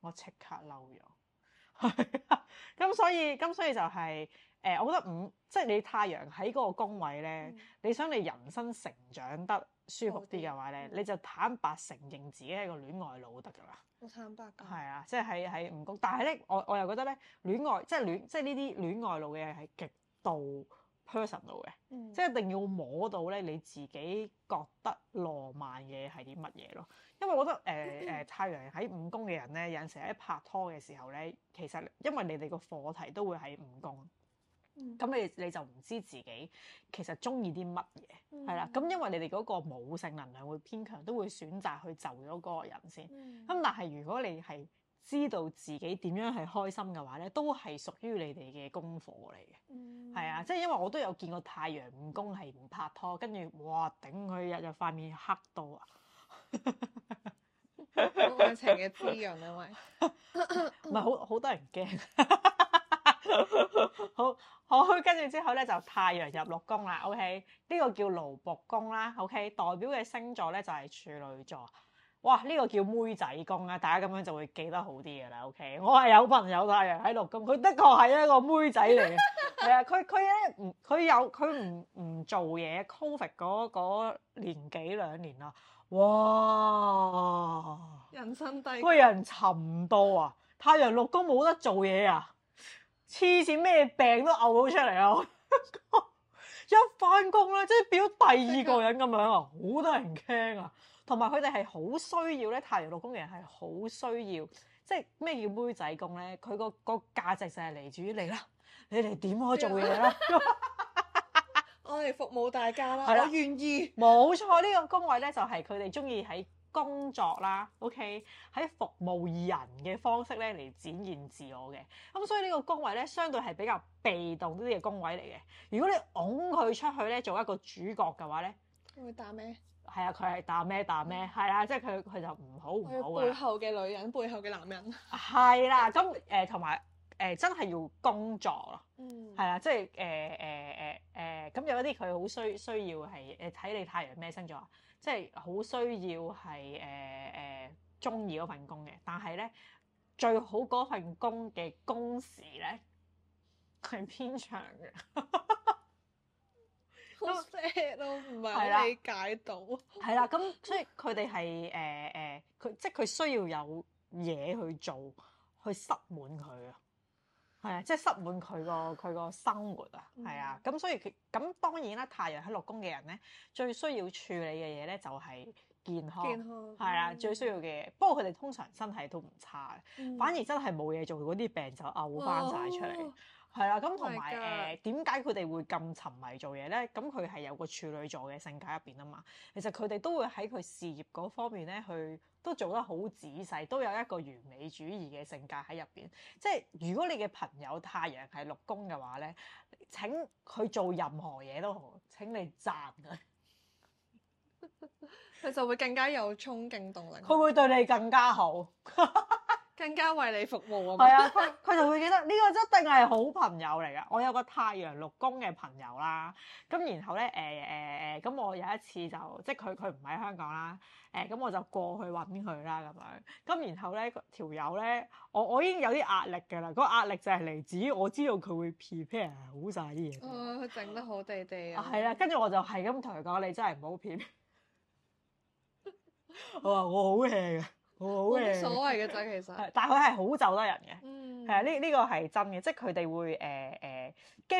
我即刻嬲咗，咁 所以咁所以就係、是、誒、呃，我覺得唔即係你太陽喺嗰個宮位咧，嗯、你想你人生成長得舒服啲嘅話咧，嗯、你就坦白承認自己係個戀愛腦得㗎啦，坦白㗎，係啊，即係喺唔公，但係咧我我又覺得咧戀愛即係戀即係呢啲戀愛腦嘅係極度。personal 嘅，嗯、即係一定要摸到咧，你自己覺得浪漫嘢係啲乜嘢咯？因為我覺得誒誒、呃呃，太陽喺五宮嘅人咧，有陣時喺拍拖嘅時候咧，其實因為你哋個課題都會喺五宮，咁你、嗯、你就唔知自己其實中意啲乜嘢係啦。咁、嗯、因為你哋嗰個母性能量會偏強，都會選擇去就咗嗰個人先。咁、嗯、但係如果你係知道自己點樣係開心嘅話咧，都係屬於你哋嘅功課嚟嘅。係啊、嗯，即係因為我都有見過太陽五宮係唔拍拖，跟住哇頂佢日日塊面黑到啊！愛情嘅滋潤啊，因為唔係好好多人驚。 好好，跟住之後咧就太陽入六宮啦。OK，呢個叫奴僕宮啦。OK，代表嘅星座咧就係、是、處女座。哇！呢、這個叫妹仔工啊，大家咁樣就會記得好啲嘅啦。OK，我係有朋友太陽喺六宮，佢的確係一個妹仔嚟嘅。係啊， 佢佢咧唔佢有佢唔唔做嘢。Covid 嗰嗰年幾兩年啊，哇！人生低，佢人沉到啊！太陽六宮冇得做嘢啊！黐線咩病都嘔到出嚟啊！ 一翻工咧，即係變第二個人咁樣啊，好得人驚啊！同埋佢哋係好需要咧，太陽度工人係好需要，即係咩叫妹仔工咧？佢個個價值就係嚟自於你啦，你嚟點我做嘢啦， 我哋服務大家啦，的我咯，願意，冇錯呢個工位咧就係佢哋中意喺工作啦，OK 喺服務人嘅方式咧嚟展現自我嘅，咁所以呢個工位咧相對係比較被動啲嘅工位嚟嘅。如果你拱佢出去咧做一個主角嘅話咧，會打咩？係啊，佢係打咩打咩，係啦、嗯啊，即係佢佢就唔好唔好嘅。背後嘅女人，背後嘅男人。係啦、啊，咁誒同埋誒真係要工作咯。嗯，係啦、啊，即係誒誒誒誒，咁、呃呃呃、有一啲佢好需需要係誒睇你太陽咩星座，即係好需要係誒誒中意嗰份工嘅，但係咧最好嗰份工嘅工時咧係偏長嘅。 都 sad 咯，唔係那理解到。係啦，咁所以佢哋係誒誒，佢、呃呃、即係佢需要有嘢去做，去塞滿佢啊。係啊，即係塞滿佢個佢個生活啊。係啊，咁、嗯、所以佢咁當然啦，太陽喺六宮嘅人咧，最需要處理嘅嘢咧就係、是、健康。健康係啦、嗯，最需要嘅嘢。不過佢哋通常身體都唔差，嗯、反而真係冇嘢做嗰啲病就嘔翻晒出嚟。啊。係啦，咁同埋誒點解佢哋會咁沉迷做嘢咧？咁佢係有個處女座嘅性格入邊啊嘛。其實佢哋都會喺佢事業嗰方面咧，去都做得好仔細，都有一個完美主義嘅性格喺入邊。即係如果你嘅朋友太陽係六宮嘅話咧，請佢做任何嘢都好，請你讚佢，佢 就會更加有衝勁動力。佢會對你更加好。 更加為你服務啊！係 啊，佢佢就會記得呢、呢個一定係好朋友嚟噶。我有個太陽六宮嘅朋友啦，咁然後咧誒誒誒，咁、呃呃呃、我有一次就即係佢佢唔喺香港啦，誒、呃、咁我就過去揾佢啦咁樣。咁然後咧條友咧，我我已經有啲壓力嘅啦。嗰個壓力就係嚟自於我知道佢會 prepare 好晒啲嘢。佢整、哦、得好地地啊！係啊，跟住我就係咁同佢講：你真係唔好騙！我話我好 hea 冇乜所謂嘅啫，其實， 但係佢係好走得人嘅，係啊呢呢個係真嘅，即係佢哋會誒誒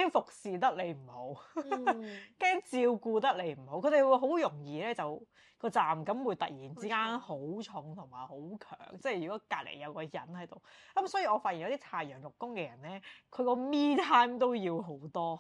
驚服侍得你唔好，驚、嗯、 照顧得你唔好，佢哋會好容易咧就個責任感會突然之間好、嗯、重同埋好強，即係如果隔離有個人喺度，咁、嗯、所以我發現有啲太陽六宮嘅人咧，佢個 me time 都要好多。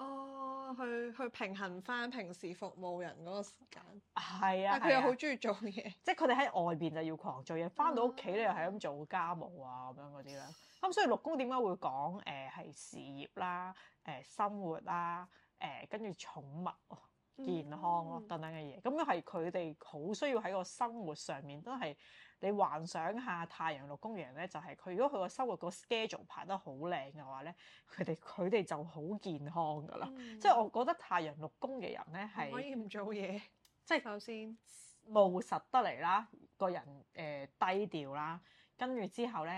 哦，去去平衡翻平時服務人嗰個時間，係啊，但係佢又好中意做嘢，即係佢哋喺外邊就要狂做嘢，翻到屋企咧又係咁做家務啊咁、啊、樣嗰啲啦。咁所以六宮點解會講誒係事業啦、誒、呃、生活啦、誒跟住寵物、哦、健康咯、嗯、等等嘅嘢，咁係佢哋好需要喺個生活上面都係。你幻想下太陽六宮嘅人咧，就係、是、佢如果佢個生活個 schedule 排得好靚嘅話咧，佢哋佢哋就好健康噶啦。嗯、即係我覺得太陽六宮嘅人咧係可以唔做嘢，即係首先務實得嚟啦，個人誒、呃、低調啦，跟住之後咧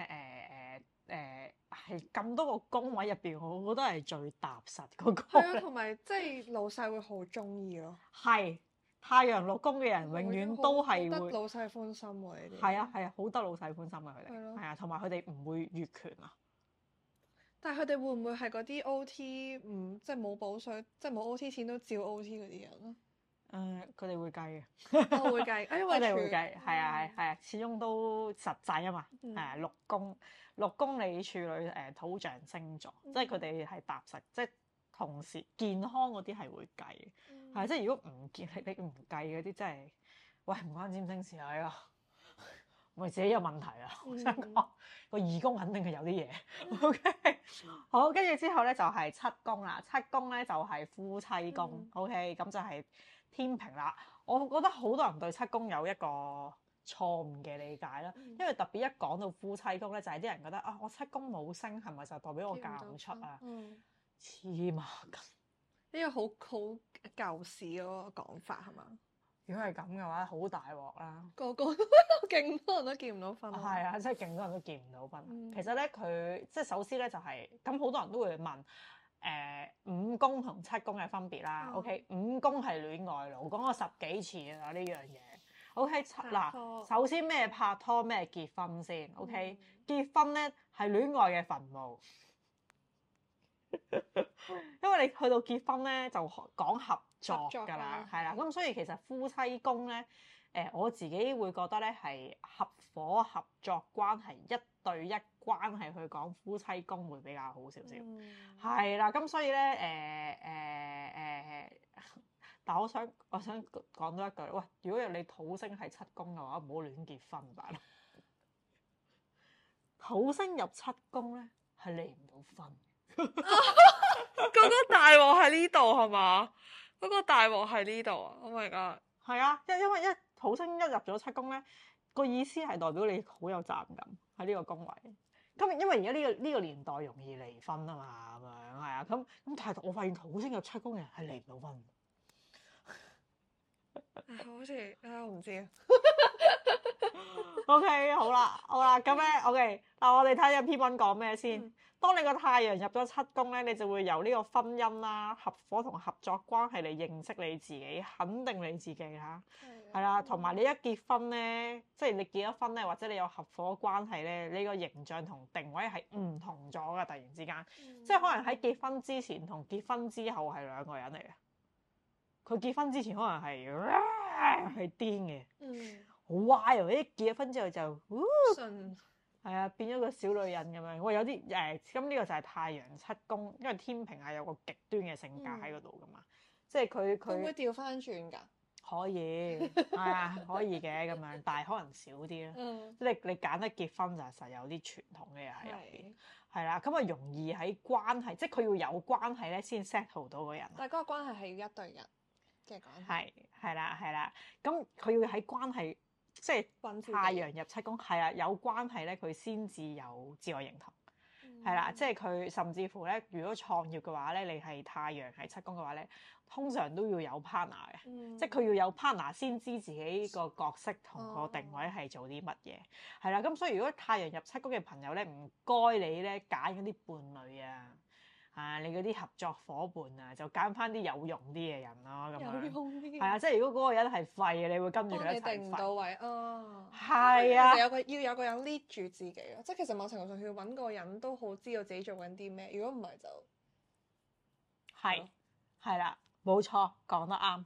誒誒誒係咁多個宮位入邊，我覺得係最踏實嗰個。係啊，同埋即係老細會好中意咯。係。 太陽六宮嘅人永遠都係會，老細歡心喎，呢啲係啊係啊，好得老細歡心啊。佢哋，係啊，同埋佢哋唔會越權啊。但係佢哋會唔會係嗰啲 OT 唔即係冇補水，即係冇 OT 錢都照 OT 嗰啲人咧、啊？誒、嗯，佢哋會計嘅， 我會計，因為處女會計係啊係係啊，始終都實際啊嘛，係、嗯、啊，落宮六宮你處女誒土象星座，嗯、即係佢哋係踏實，即係。同時健康嗰啲係會計，係、嗯、即係如果唔健，你唔計嗰啲真係，喂唔關占星事呢係咯，咪自己有問題啊！嗯、我想講個二宮肯定係有啲嘢。嗯、OK，好，跟住之後咧就係、是、七宮啦。七宮咧就係、是、夫妻宮。嗯、OK，咁就係天平啦。我覺得好多人對七宮有一個錯誤嘅理解啦，嗯、因為特別一講到夫妻宮咧，就係、是、啲人覺得啊，我七宮冇星係咪就代表我嫁唔出啊？嗯黐嘛咁？呢個好好舊時嗰個講法係嘛？如果係咁嘅話，好大鑊啦！個個都勁多人都結唔到婚。係啊，啊，真係勁多人都結唔到婚。嗯、其實咧，佢即係首先咧就係、是、咁，好多人都會問誒、呃、五宮同七宮嘅分別啦。哦、OK，五宮係戀愛佬，講過十幾次啦呢樣嘢。OK，七嗱拖、啊，首先咩拍拖咩結婚先。OK，、嗯、結婚咧係戀愛嘅墳墓。 因為你去到結婚咧，就講合作噶啦，係啦。咁所以其實夫妻宮咧，誒、呃，我自己會覺得咧係合伙合作關係，一對一關係去講夫妻宮會比較好少少，係啦，嗯。咁所以咧，誒誒誒，但我想我想講多一句，喂，如果你土星係七宮嘅話，唔好亂結婚噶啦。 土星入七宮咧，係離唔到婚。嗰 個大旺喺呢度係嘛？嗰個大旺喺呢度啊！我明啊，係啊，因因為一土星一入咗七宮咧，個意思係代表你好有責任感喺呢個宮位。咁因為而家呢個呢、呢個年代容易離婚啊嘛，咁樣係啊。咁咁但係我發現土星入七宮嘅人係離唔到婚。啊、好似啊，我唔知啊。 o、okay, K，好啦，好啦，咁咧，O K。嗱、嗯，我哋睇下篇文講咩先。當你個太陽入咗七宮咧，你就會由呢個婚姻啦、合夥同合作關係嚟認識你自己，肯定你自己吓。係啦，同埋你一結婚咧，即、就、係、是、你結咗婚咧，或者你有合夥關係咧，你個形象同定位係唔同咗噶。突然之間，嗯、即係可能喺結婚之前同結婚之後係兩個人嚟嘅。佢結婚之前可能係係癲嘅，嗯，好 wild 喎！一結咗婚之後就，係道啊，變咗個小女人咁樣。哇！有啲誒，咁、欸、呢個就係太陽七宮，因為天平係有個極端嘅性格喺嗰度噶嘛，嗯、即係佢佢會唔會調翻轉㗎？可以係 啊，可以嘅咁樣，但係可能少啲啦。即係、嗯、你你揀得結婚就係實有啲傳統嘅嘢喺入邊，係啦是。咁啊，容易喺關係，即係佢要有關係咧先 settle 到個人。但係嗰個關係係要一對人。係，係啦，係啦。咁佢要喺關係，嗯、即係太陽入七宮，係啦，有關係咧，佢先至有自我認同，係啦、嗯。即係佢甚至乎咧，如果創業嘅話咧，你係太陽係七宮嘅話咧，通常都要有 partner 嘅，嗯、即係佢要有 partner 先知自己個角色同個定位係做啲乜嘢，係啦、嗯。咁所以如果太陽入七宮嘅朋友咧，唔該你咧揀嗰啲伴侶啊。嚇、啊！你嗰啲合作伙伴啊，就揀翻啲有用啲嘅人咯。有用啲。係啊，即係如果嗰個人係廢嘅，你會跟住佢一齊廢、啊、你定唔到位、哦、啊！係啊，有個要有個人 lead 住自己咯。即係其實某程度上，要揾個人都好知道自己做緊啲咩。如果唔係就係係啦，冇是、啊、錯，講得啱。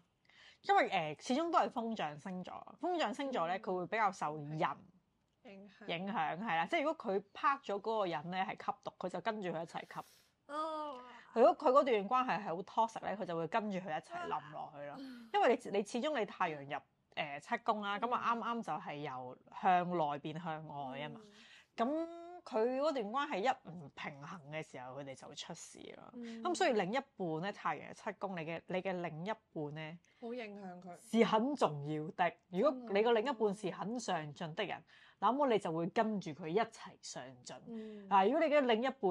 因為誒、呃，始終都係風象星座，風象星座咧，佢、嗯、會比較受人影響，影響係啦。即係如果佢拍咗嗰個人咧係吸毒，佢就跟住佢一齊吸。哦，如果佢嗰段關係係好 toxic 咧，佢就會跟住佢一齊冧落去咯。因為你你始終你太陽入誒、呃、七宮啦，咁啊啱啱就係由向內變向外啊嘛。咁佢嗰段關係一唔平衡嘅時候，佢哋就會出事咯。咁、嗯、所以另一半咧，太陽七宮，你嘅你嘅另一半咧，好影響佢，是很重要的。如果你個另一半是很上進的人，嗯、那麼你就會跟住佢一齊上進。啊、嗯，如果你嘅另一半，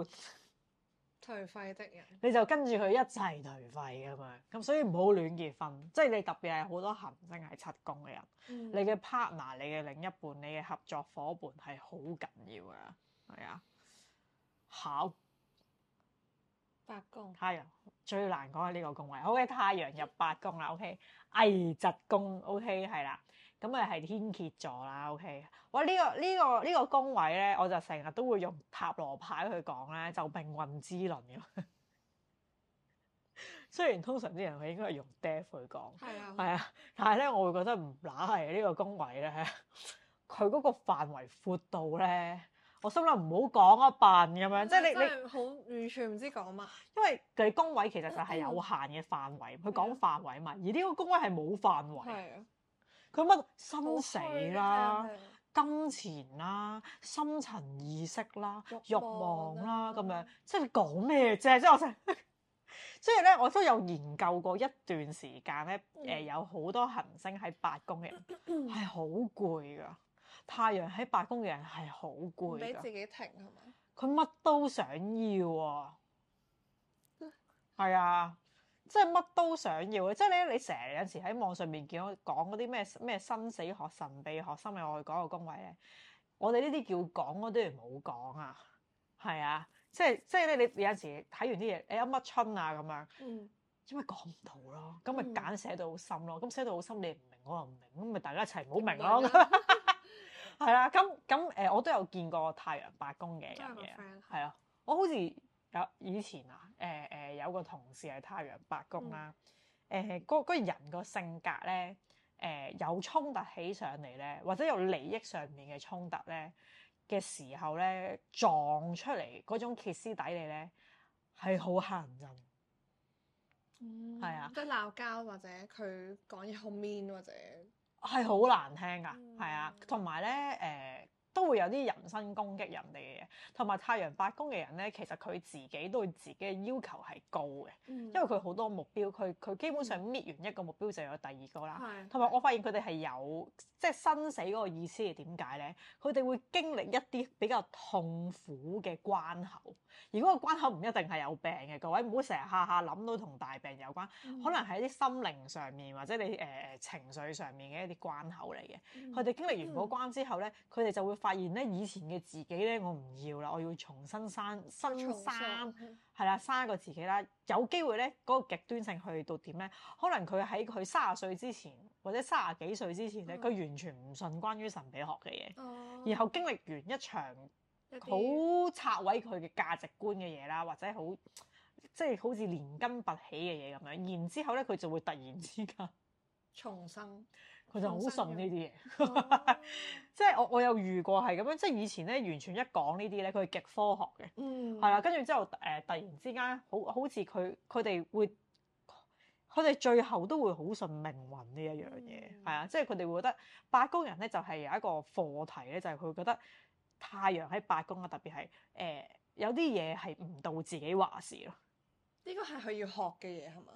頹廢的人，你就跟住佢一齊頹廢㗎嘛。咁所以唔好亂結婚，即係你特別係好多行星係七宮嘅人，嗯、你嘅 partner、你嘅另一半、你嘅合作夥伴係好緊要嘅，係啊，考八宮，太陽最難講係呢個宮位，好嘅太陽入八宮啦，OK，危疾宮，OK 係啦。咁咪係天蠍座啦，OK？哇、這個這個這個、呢個呢個呢個宮位咧，我就成日都會用塔羅牌去講咧，就命運之輪咯。雖然通常啲人佢應該係用 death 去講，係啊，係啊，但係咧我會覺得唔乸係呢個宮位咧，佢嗰個範圍闊度咧，我心諗唔好講一半咁樣，嗯、即係你你好完全唔知講乜，嗯、你因為佢宮位其實就係有限嘅範圍，佢講範圍嘛，而呢個宮位係冇範圍。佢乜心死啦、嗯、金錢啦、深層意識啦、慾望啦咁望樣，嗯、即係講咩？啫？即係即係，所以咧我都有研究過一段時間咧。誒、呃，有好多行星喺八宮嘅人係好攰㗎，太陽喺八宮嘅人係好攰。俾自己停係咪？佢乜都想要啊，係 啊。即係乜都想要嘅，即係咧你成日有時喺網上面見到講嗰啲咩咩生死學、神秘學、深嘅外國嘅宮位咧，我哋呢啲叫講嗰啲唔好講啊，係啊，即係即係咧你有陣時睇完啲嘢，你有乜、欸、春啊咁樣，因為講唔到咯，咁咪簡寫到好深咯，咁、嗯、寫到好深你唔明我又唔明，咁咪大家一齊唔好明咯、啊，係啦，咁咁誒我都有見過太陽八宮嘅人嘅，係啊，我好似。以前啊，誒、呃、誒、呃、有個同事係太陽八宮啦，誒嗰嗰人個性格咧，誒、呃、有衝突起上嚟咧，或者有利益上面嘅衝突咧嘅時候咧，撞出嚟嗰種歇斯底里咧，係好嚇人㗎，係、嗯、啊，即係鬧交或者佢講嘢好 mean 或者係好難聽㗎，係、嗯、啊，同埋咧誒，呃都會有啲人身攻擊人哋嘅嘢，同埋太陽八宮嘅人咧，其實佢自己對自己嘅要求係高嘅，嗯、因為佢好多目標，佢佢基本上搣完一個目標就有第二個啦。同埋、嗯、我發現佢哋係有即係、就是、生死嗰個意思係點解咧？佢哋會經歷一啲比較痛苦嘅關口。如果個關口唔一定係有病嘅，各位唔好成日下下諗到同大病有關，嗯、可能係一啲心靈上面或者你誒、呃、情緒上面嘅一啲關口嚟嘅。佢哋、嗯嗯、經歷完嗰關之後咧，佢哋就會。發現，咧以前嘅自己咧，我唔要啦，我要重新生生，係啦生，生一個自己啦。有機會咧嗰、那個極端性去到點咧？可能佢喺佢卅歲之前或者卅幾歲之前咧，佢、嗯、完全唔信關於神秘學嘅嘢，嗯、然後經歷完一場好拆毀佢嘅價值觀嘅嘢啦，或者、就是、好即係好似連根拔起嘅嘢咁樣，然之後咧佢就會突然之間重生。佢就好信呢啲嘢， 即係我我有遇過係咁樣，即係以前咧完全一講呢啲咧，佢係極科學嘅，係啦、嗯，跟住之後誒、呃、突然之間好好似佢佢哋會，佢哋最後都會好信命運呢一樣嘢，係啊、嗯，即係佢哋會覺得八宮人咧就係、是、有一個課題咧，就係、是、佢會覺得太陽喺八宮啊，特別係誒有啲嘢係唔到自己話事咯，呢個係佢要學嘅嘢係嘛？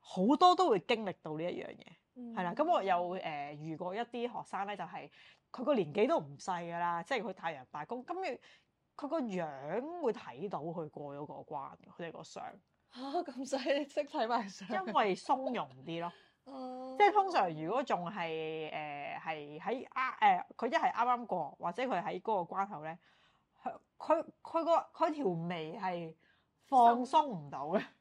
好多都會經歷到呢一樣嘢。係啦，咁、嗯、 我又誒、呃、遇過一啲學生咧，就係、是、佢個年紀都唔細㗎啦，即係佢太陽白工，咁佢佢個樣會睇到佢過咗個關，佢哋 個相嚇咁細你識睇埋相， 嗯、因為鬆容啲咯， 嗯、即係通常如果仲係誒係喺啱誒，佢、呃呃、一係啱啱過，或者佢喺嗰個關口咧，佢佢個佢條眉係放鬆唔到嘅。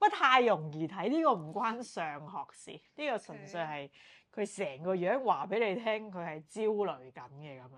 不太容易睇，呢個唔關上學事，呢個純粹係佢成個樣話俾你聽，佢係焦慮緊嘅咁樣。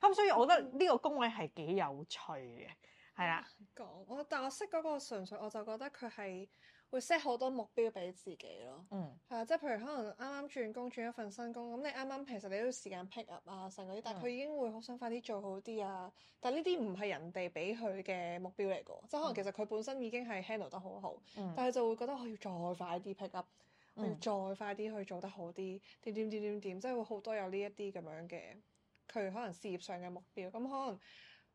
咁所以，我覺得呢個宮位係幾有趣嘅，係啦。講我，但我識嗰個純，純粹我就覺得佢係。會 set 好多目標俾自己咯，係、嗯、啊，即係譬如可能啱啱轉工轉一份新工，咁你啱啱其實你都要時間 pick up 啊，成嗰啲，但係佢已經會好想快啲做好啲啊，但係呢啲唔係人哋俾佢嘅目標嚟噶，嗯、即係可能其實佢本身已經係 handle 得好好，嗯、但係就會覺得我要再快啲 pick up，嗯、我要再快啲去做得好啲，點點點點點，即係會好多有呢一啲咁樣嘅佢可能事業上嘅目標，咁可能。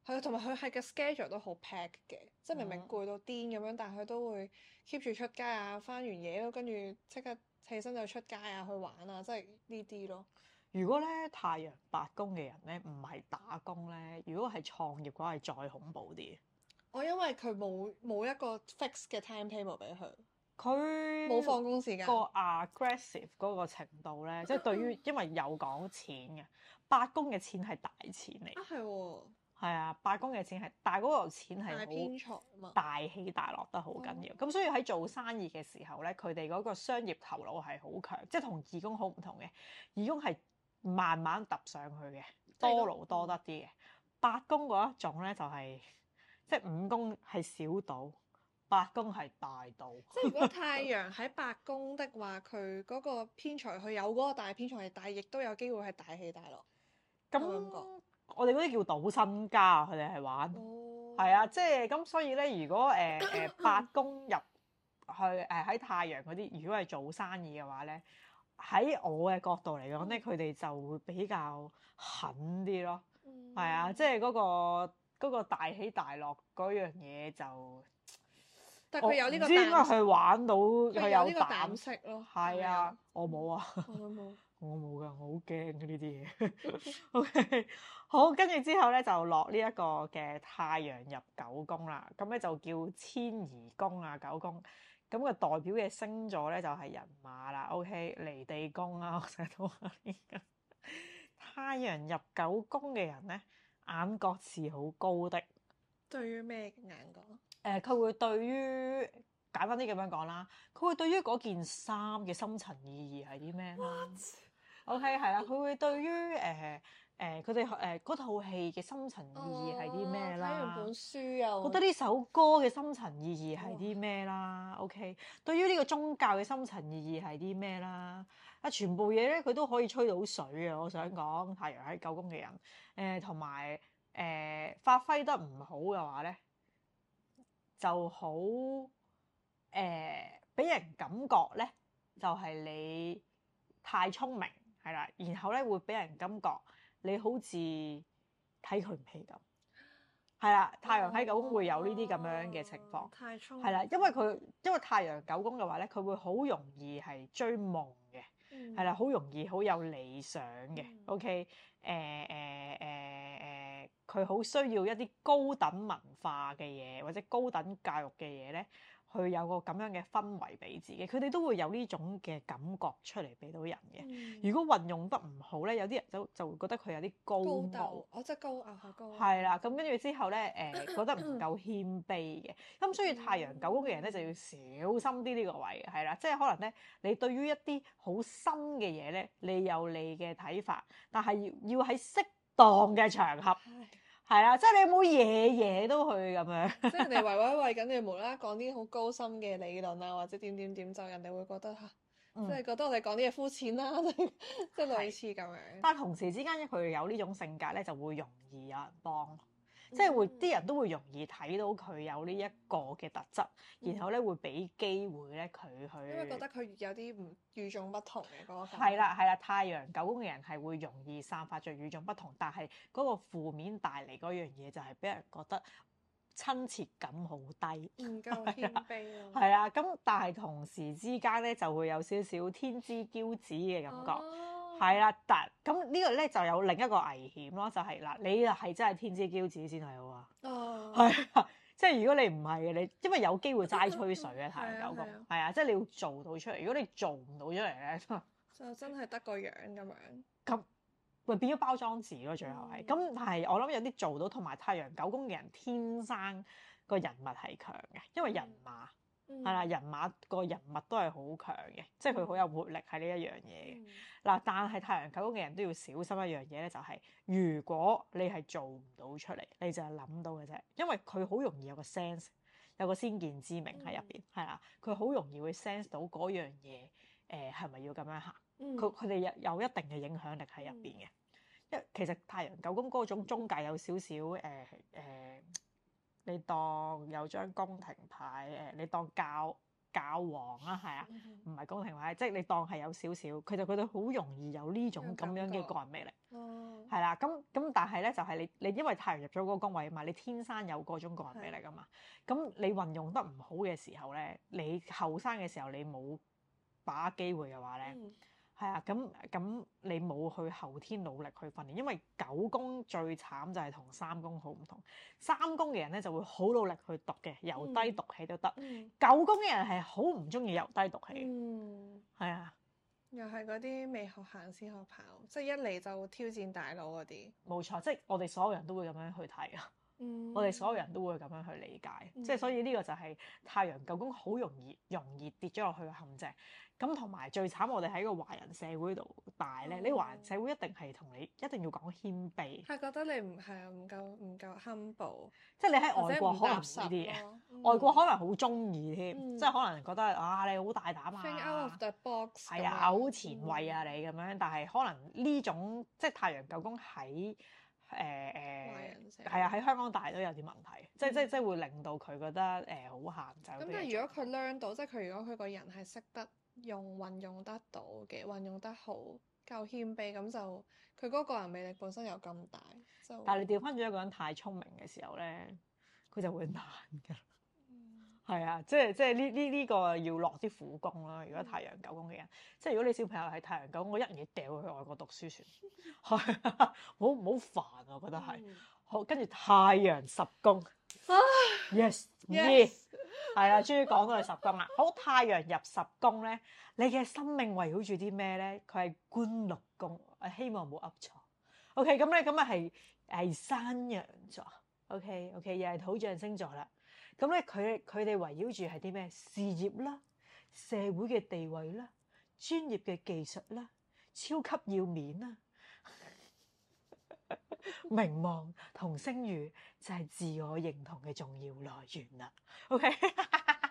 係啊，同埋佢係個 schedule 都好 pack 嘅，即係明明攰到癲咁樣，嗯、但係佢都會 keep 住出街啊。翻完嘢咯，跟住即刻起身就出街啊，去玩啊，即係呢啲咯。如果咧，太陽八宮嘅人咧，唔係打工咧，如果係創業嘅話，係再恐怖啲。我因為佢冇冇一個 fixed 嘅 timetable 俾佢，佢冇放工時間，個 aggressive 嗰個程度咧，即係 對於因為有講錢嘅八宮嘅錢係大錢嚟啊，係係啊，八宮嘅錢係，但係嗰個錢係好大起大落，得好緊要。咁所以喺做生意嘅時候咧，佢哋嗰個商業頭腦係好強，即係同二宮好唔同嘅。二宮係慢慢揼上去嘅，多勞多得啲嘅。八宮嗰一種咧就係，即係五宮係小賭，八宮係大賭。即係如果太陽喺八宮的話，佢嗰個偏財佢有嗰個大偏財，但係亦都有機會係大起大落。咁我哋嗰啲叫賭身家，佢哋係玩，係、哦、啊，即係咁，所以咧，如果誒誒、呃呃、八宮入去誒喺、呃、太陽嗰啲，如果係做生意嘅話咧，喺我嘅角度嚟講咧，佢哋就會比較狠啲咯，係、嗯、啊，即係嗰個嗰個大起大落嗰樣嘢就，但佢有呢個膽，佢玩到佢有膽色咯，係啊，嗯、我冇啊、嗯，我、嗯、冇。嗯嗯嗯嗯我冇噶，我好驚嘅呢啲嘢。O K，好，跟住之後咧就落呢一個嘅太陽入九宮啦。咁咧就叫遷移宮啊，九宮。咁個代表嘅星座咧就係人馬啦。O K，離地宮啊，我成日都話呢個太陽入九宮嘅人咧，眼角是好高的。對於咩眼角？誒，佢會對於簡單啲咁樣講啦。佢會對於嗰件衫嘅深層意義係啲咩啦？OK，係啦，佢 Okay ,、yeah, 會對於誒誒佢哋誒嗰套戲嘅深層意義係啲咩啦？睇完、哦、本書又、啊、覺得呢首歌嘅深層意義係啲咩啦？O、okay. K，哇對於呢個宗教嘅深層意義係啲咩啦？啊，全部嘢咧佢都可以吹到水啊！我想講，太陽喺九宮嘅人誒，同埋誒發揮得唔好嘅話咧，就好誒俾人感覺咧，就係、是、你太聰明。係啦，然後咧會俾人感覺你好似睇佢唔起咁，係啦，太陽喺九宮會有呢啲咁樣嘅情況，係啦、哦，因為佢因為太陽九宮嘅話咧，佢會好容易係追夢嘅，係啦、嗯，好容易好有理想嘅、嗯、OK，誒誒誒誒，佢、呃、好、呃呃、需要一啲高等文化嘅嘢或者高等教育嘅嘢咧。佢有個咁樣嘅氛圍俾自己，佢哋都會有呢種嘅感覺出嚟俾到人嘅。嗯、如果運用得唔好咧，有啲人就就會覺得佢有啲高傲，我即係高壓下高。係啦，咁跟住之後咧，誒、欸、覺得唔夠謙卑嘅。咁所以太陽九宮嘅人咧就要小心啲呢個位，係啦，即係可能咧，你對於一啲好深嘅嘢咧，你有你嘅睇法，但係要喺適當嘅場合。係 啊，即、就、係、是、你有冇嘢嘢都去咁樣， 即係人哋維維為緊你無啦啦講啲好高深嘅理論啊，或者點點點就人哋會覺得吓，啊嗯、即係覺得我哋講啲嘢膚淺啦，即係即類似咁樣。但係同時之間，佢有呢種性格咧，就會容易有人幫。幫即係會啲、mm hmm. 人都會容易睇到佢有呢一個嘅特質，mm hmm. 然後咧會俾機會咧佢去，因為覺得佢有啲唔與眾不同嘅嗰個。係啦係啦，太陽九宮嘅人係會容易散發着與眾不同，但係嗰個負面帶嚟嗰樣嘢就係俾人覺得親切感好低，唔夠謙卑、啊。係啦， 咁但係同時之間咧就會有少少天之驕子嘅感覺。Oh. 係啦，但咁呢個咧就有另一個危險咯，就係、是、嗱，你係真係天之驕子先係喎，係啊，即係如果你唔係，你因為有機會齋吹水嘅太陽九宮，係啊，即係你要做到出嚟，如果你做唔到出嚟咧，就真係得個樣咁樣，咁咪變咗包裝紙咯，最後係，咁但係我諗有啲做到同埋太陽九宮嘅人天生個人物係強嘅，因為人馬。係啦，人馬個人物都係好強嘅，即係佢好有活力喺呢一樣嘢嘅。嗱、嗯，但係太陽九宮嘅人都要小心一樣嘢咧、就係，就係如果你係做唔到出嚟，你就係諗到嘅啫。因為佢好容易有個 sense，有個先見之明喺入邊，係啦、嗯，佢好容易會 sense 到嗰樣嘢，誒係咪要咁樣行？佢佢哋有有一定嘅影響力喺入邊嘅，嗯、因為其實太陽九宮嗰種中介有少少誒誒。呃呃你當有張宮廷牌誒，你當教教皇啊，係啊，唔係、mm hmm. 宮廷牌，即係你當係有少少，佢就覺得好容易有呢種咁樣嘅個人魅力，係啦、mm，咁、hmm. 咁、啊、但係咧就係、是、你你因為太陽入咗嗰個宮位啊嘛，你天生有嗰種個人魅力㗎嘛，咁、mm hmm. 你運用得唔好嘅時候咧，你後生嘅時候你冇把握機會嘅話咧。Mm hmm. 係啊，咁咁你冇去後天努力去訓練，因為九宮最慘就係同三宮好唔同。三宮嘅人咧就會好努力去讀嘅，由低讀起都得。嗯、九宮嘅人係好唔中意由低讀起，嗯，係啊。又係嗰啲未學行先學跑，即係一嚟就挑戰大佬嗰啲。冇錯，即係我哋所有人都會咁樣去睇啊。Mm. 我哋所有人都會咁樣去理解，mm. 即係所以呢個就係太陽九宮好容易容易跌咗落去嘅陷阱。咁同埋最慘，我哋喺個華人社會度大咧，呢 oh. 你華人社會一定係同你一定要講謙卑，係覺得你唔係啊，唔夠唔夠 humble 即係你喺外國可能唔呢啲嘢，外國可能好中意添，即係可能覺得啊你好大膽啊，係啊好前衛啊你咁樣，mm. 但係可能呢種即係太陽九宮喺。誒誒，係啊，呃，喺香港大都有啲問題，即係，嗯，即係即係會令到佢覺得誒，呃、好限制。走，就是。咁但係如果佢 learn 到，即係佢如果佢個人係識得用運用得到嘅，運用得好夠謙卑，咁就佢嗰個人魅力本身有咁大。就但係你調翻咗一個人太聰明嘅時候咧，佢就會難㗎。係啊，即係即係呢呢呢個要落啲苦功啦。如果太陽九宮嘅人，即係如果你小朋友係太陽九宮，我一人要掉去外國讀書算，唔好唔好煩啊！我覺得係，好，跟住太陽十宮，yes yes 係啊，終於講到去十宮啦。好，太陽入十宮咧，你嘅生命圍繞住啲咩咧？佢係官祿宮，希望唔好噏錯。OK，咁咧咁啊係係山羊座，OK OK，又係土象星座啦。咁咧，佢佢哋圍繞住係啲咩？事業啦，社會嘅地位啦，專業嘅技術啦，超級要面啦， 名望同聲譽就係自我認同嘅重要來源啦。OK。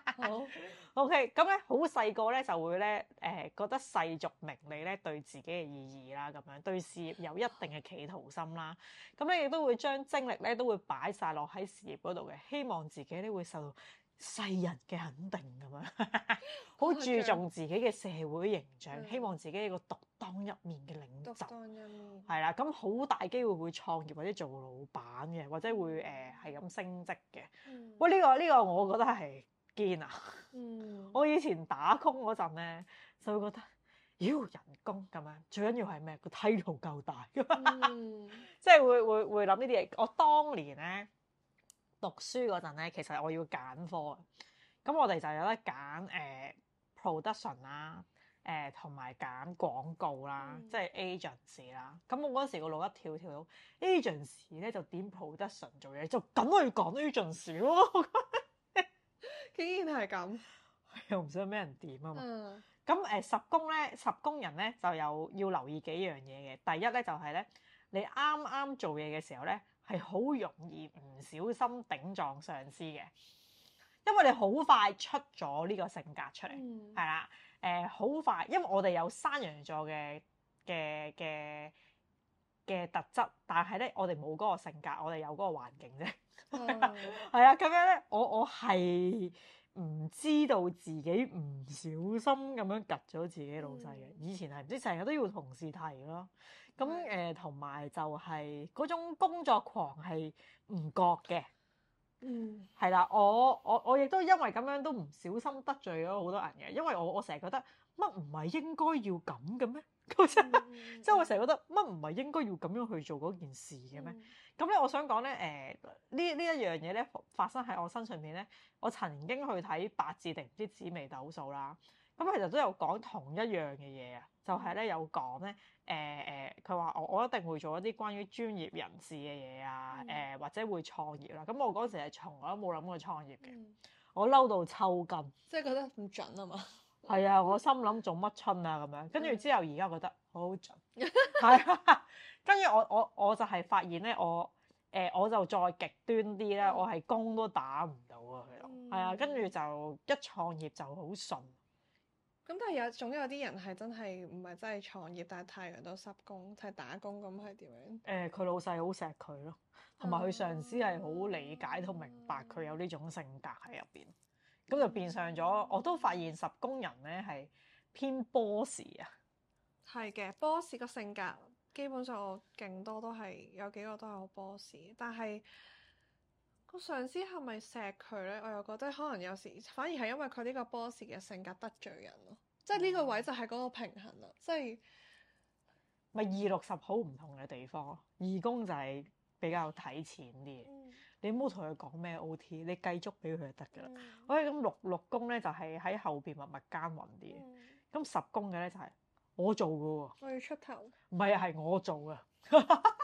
好 OK，咁咧好細個咧就會咧誒、呃，覺得世俗名利咧對自己嘅意義啦，咁樣對事業有一定嘅企圖心啦，咁咧亦都會將精力咧都會擺晒落喺事業嗰度嘅，希望自己咧會受到世人嘅肯定咁樣，好 注重自己嘅社會形象，嗯、希望自己一個獨當一面嘅領袖，係啦，咁好大機會會創業或者做老闆嘅，或者會誒係咁升職嘅。喂、嗯、呢、呢個呢、呢個我覺得係。堅啊！嗯、我以前打工嗰陣咧，就會覺得妖人工咁樣，最緊要係咩？個梯度夠大， 嗯、即係會會會諗呢啲嘢。我當年咧讀書嗰陣咧，其實我要揀科，咁我哋就有得揀誒、呃、production 啦、呃，誒同埋揀廣告啦，嗯、即係 agents 啦。咁、嗯、我嗰時個腦一跳跳到，agents 咧就點 production 做嘢，就咁去要講 agents 喎。 竟然係咁，又唔想俾人點啊嘛。咁誒、嗯呃、十宮咧，十宮人咧就有要留意幾樣嘢嘅。第一咧就係、是、咧，你啱啱做嘢嘅時候咧，係好容易唔小心頂撞上司嘅，因為你好快出咗呢個性格出嚟，係啦、嗯。誒，好、呃、快，因為我哋有山羊座嘅嘅嘅。嘅特質，但係咧，我哋冇嗰個性格，我哋有嗰個環境啫。係啊，咁樣咧，我我係唔知道自己唔小心咁樣及咗自己老細嘅。以前係唔知，成日都要同事提咯。咁誒，呃，同埋就係嗰種工作狂係唔覺嘅。嗯，係啦，我我我亦都因為咁樣都唔小心得罪咗好多人嘅，因為我我成日覺得乜唔係應該要咁嘅咩？ 嗯、 即係，我成日覺得乜唔係應該要咁樣去做嗰件事嘅咩？咁咧、嗯，我想講咧，誒、呃、呢呢一樣嘢咧發生喺我身上面咧，我曾經去睇八字定唔知紫微斗數啦。咁其實都有講同一樣嘅嘢啊，就係、是、咧有講咧，誒、呃、誒，佢、呃、話我我一定會做一啲關於專業人士嘅嘢啊，誒、嗯呃、或者會創業啦。咁我嗰時係從來都冇諗過創業嘅，嗯、我嬲到抽筋，嗯、即係覺得唔準啊嘛～係啊，我心諗做乜春啊咁樣，跟住之後而家覺得好，好準，係啊。 跟住我我我就係發現咧，我、呃、誒我就再極端啲咧，嗯、我係工都打唔到啊。佢咯，係啊，跟住、嗯、就一創業就好順。咁、嗯、但係有，總有啲人係真係唔係真係創業，但係太陽都十宮，係、就係、打工咁係點樣？誒、呃，佢老細好錫佢咯，同埋佢上司係好理解同明白佢有呢種性格喺入邊。咁就變相咗，我都發現十宮人咧係偏 boss 啊。係嘅，boss 個性格基本上我勁多都係有幾個都係我 boss，但係個上司係咪錫佢咧？我又覺得可能有時反而係因為佢呢個 boss 嘅性格得罪人咯。嗯、即係呢個位就係嗰個平衡咯。即係咪、嗯、二六十好唔同嘅地方？二宮就係比較睇錢啲你唔好同佢講咩 OT，你繼續俾佢就得噶啦。可以咁、嗯 okay，六六宮咧就係、是、喺後邊默默耕耘啲咁，十宮嘅咧就係、是、我做噶喎、哦。我要出頭。唔係係我做噶。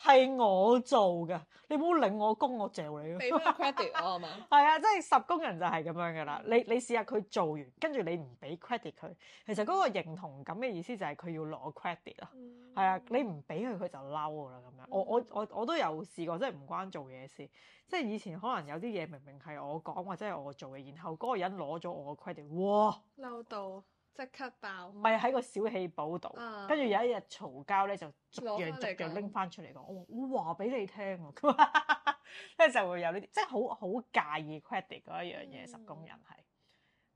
係我做噶，你唔好領我工，我嚼你。俾 credit 我係嘛？係 啊，即係十工人就係咁樣噶啦。你你試下佢做完，跟住你唔俾 credit 佢。其實嗰個認同感嘅意思就係佢要攞 credit 咯、嗯。係啊，你唔俾佢，佢就嬲噶啦咁樣。嗯、我我我我都有試過，即係唔關做嘢事，事。即係以前可能有啲嘢明明係我講或者係我做嘅，然後嗰個人攞咗我個 credit，哇！嬲到～即刻爆！唔係喺個小氣寶度，跟住、啊、有一日嘈交咧，就逐樣逐樣拎翻出嚟講、哦，我話俾你聽喎，咁即係就會有呢啲，即係好好介意 credit 嗰一樣嘢，嗯、十工人係。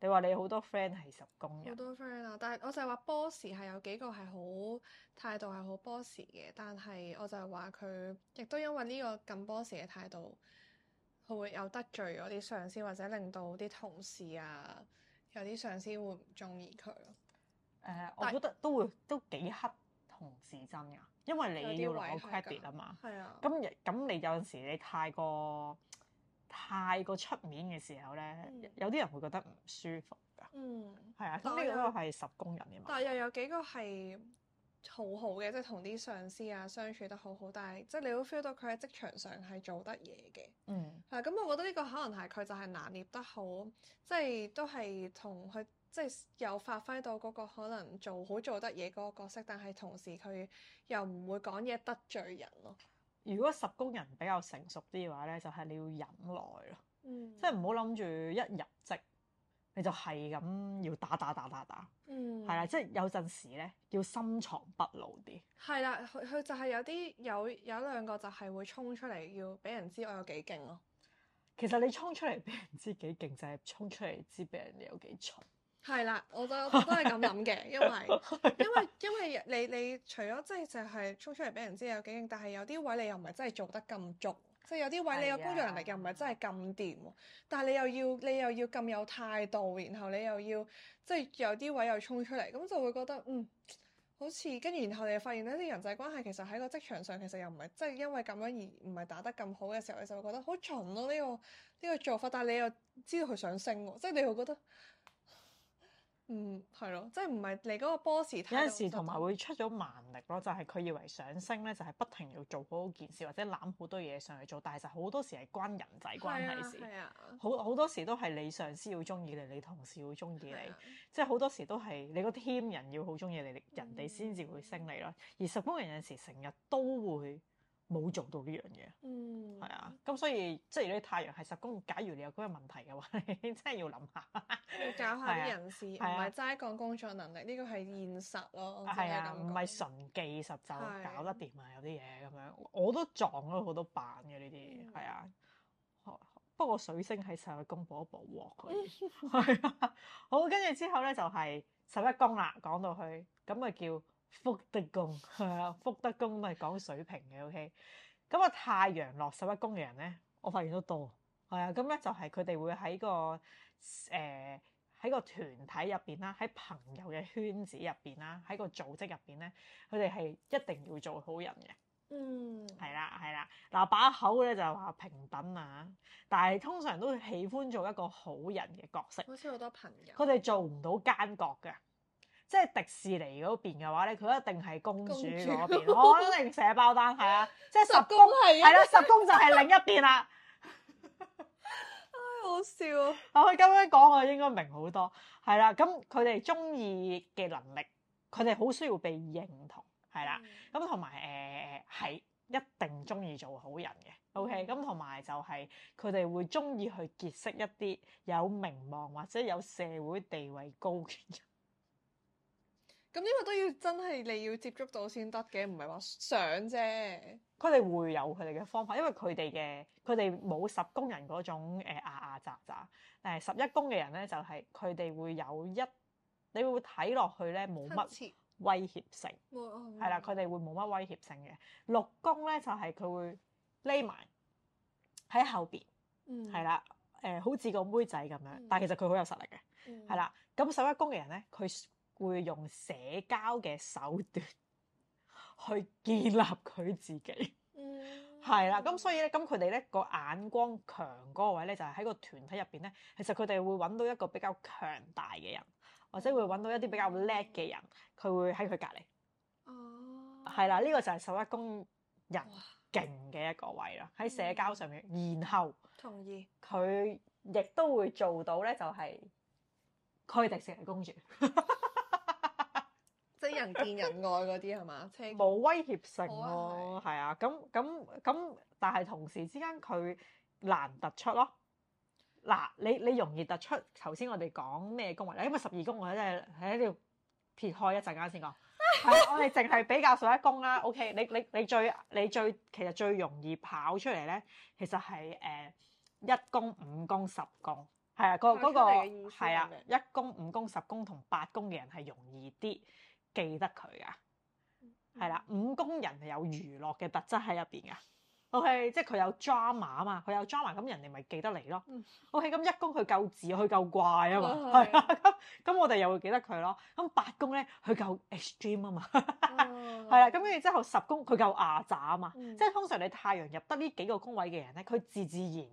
你話你好多 friend 係十工人？好多 friend 啊！但係我就話 boss 係有幾個係好態度係好 boss 嘅，但係我就係話佢亦都因為呢個咁 boss 嘅態度，佢會有得罪嗰啲上司或者令到啲同事啊。有啲上司會唔中意佢咯？誒、呃，但我覺得都會都幾黑同事真噶，因為你要攞 credit 啊嘛。係啊。咁咁，你有陣時你太過太過出面嘅時候咧，嗯、有啲人會覺得唔舒服噶。嗯。係啊的，咁呢個係十宮人嘅嘛。但又有幾個係。好好嘅，即係同啲上司啊相處得好好，但係即係你會 feel 到佢喺職場上係做得嘢嘅。嗯。係咁、啊，我覺得呢個可能係佢就係拿捏得好，即係都係同佢即係有發揮到嗰個可能做好做得嘢嗰個角色，但係同時佢又唔會講嘢得罪人咯。如果十宮人比較成熟啲嘅話咧，就係、是、你要忍耐咯。嗯、即係唔好諗住一入職。你就係咁要打打打打打，嗯，係啦，即係有陣時咧要深藏不露啲。係啦，佢佢就係有啲有有兩個就係會衝出嚟要俾人知我有幾勁咯。其實你衝出嚟俾人知幾勁，就係、是、衝出嚟知俾人哋有幾蠢。係啦，我都都係咁諗嘅，因為因為因為你你除咗即係就係衝出嚟俾人知有幾勁，但係有啲位你又唔係真係做得咁足。即係有啲位你有工作能力又唔係真係咁掂，哎、呀但係你又要你又要咁有態度，然後你又要即係、就是、有啲位又衝出嚟，咁就會覺得嗯好似跟住，然後你又發現呢啲人際關係其實喺個職場上其實又唔係即係因為咁樣而唔係打得咁好嘅時候，你就會覺得好蠢咯、啊、呢、這個呢、這個做法，但係你又知道佢想升喎，即、就、係、是、你會覺得。嗯，係咯，即係唔係你嗰個 boss 有陣時同埋會出咗蠻力咯，就係、是、佢以為上升咧就係、是、不停要做嗰件事或者攬好多嘢上去做，但係其實好多時係關人際關係事，好好多時都係你上司要中意你，你同事要中意你，的即係好多時都係你個 team 人要好中意你，的人哋先至會升你咯。而十宮人有陣時成日都會。冇做到呢樣嘢，嗯，係啊，咁所以即係你太陽係十宮，假如你有嗰個問題嘅話， 你真係要諗下，要搞下啲人事，唔係齋講工作能力，呢個係現實咯，係啊，唔係純技術就搞得掂啊，啊有啲嘢咁樣，我都撞咗好多板嘅呢啲，係、嗯、啊，不過水星喺十個宮補一補鑊，係啊，好，跟住之後咧就係十一宮啦， 講到佢咁咪叫。福德宮係啊，福德宮咪講水平嘅，OK。咁啊，太陽落十一宮嘅人咧，我發現都多，係啊。咁咧就係佢哋會喺個誒喺、呃、個團體入邊啦，喺朋友嘅圈子入邊啦，喺個組織入邊咧，佢哋係一定要做好人嘅。嗯，係啦係啦，嗱把口咧就話平等啊，但係通常都喜歡做一個好人嘅角色。好似好多朋友。佢哋做唔到奸角㗎。即係迪士尼嗰邊嘅話咧，佢一定係公主嗰公主 邊，我一定寫包單，係啊，即係十宮係，係 啦，十宮就係另一邊啦。唉、 哎，好笑啊！佢咁樣講，我應該明好多，係啦。咁佢哋中意嘅能力，佢哋好需要被認同，係啦。咁同埋誒係一定中意做好人嘅。OK，咁同埋就係佢哋會中意去結識一啲有名望或者有社會地位高嘅人。咁呢個都要真係你要接觸到先得嘅，唔係話想啫。佢哋會有佢哋嘅方法，因為佢哋嘅佢哋冇十宮人嗰種誒牙牙雜雜。誒、呃呃呃呃、但係十一宮嘅人咧，就係佢哋會有一，你會睇落去咧冇乜威脅性，係啦、嗯，佢哋會冇乜威脅性嘅。六宮咧就係、是、佢會匿埋喺後邊，係啦、嗯，誒、呃、好似個妹仔咁樣，嗯、但係其實佢好有實力嘅，係啦、嗯。咁十一宮嘅人咧，佢。會用社交嘅手段去建立佢自己，係啦。咁所以咧，咁佢哋咧個眼光強嗰個位咧，就係喺個團體入邊咧。其實佢哋會揾到一個比較強大嘅人，或者會揾到一啲比較叻嘅人，佢會喺佢隔籬。哦，係啦，呢個就係十一宮人勁嘅一個位啦。喺社交上面，然後同意佢亦都會做到咧，就係區敵成公主。即人見人愛嗰啲係嘛，冇威脅性咯，係啊。咁咁咁，但係同時之間佢難突出咯。嗱，你你容易突出。頭先我哋講咩宮啊？因為十二宮我真係喺呢度撇開一陣間先講。我哋淨係比較十一宮啦。OK，你你你最你最其實最容易跑出嚟咧，其實係誒一宮、五宮、十宮。係啊。個嗰個啊，一宮、五宮、十宮同八宮嘅人係容易啲。記得佢噶，係啦、mm hmm.，五宮人係有娛樂嘅特質喺入邊噶，OK，即係佢有 drama 啊嘛，佢有 drama，咁人哋咪記得你咯。Mm hmm. OK，咁一宮佢夠字，佢夠怪啊嘛，係啊、mm，咁、hmm. 咁我哋又會記得佢咯。咁八宮咧，佢夠 extreme 啊嘛，係 啦、mm，咁跟住之後十宮佢夠牙渣啊嘛，mm hmm. 即係通常你太陽入得呢幾個宮位嘅人咧，佢自自然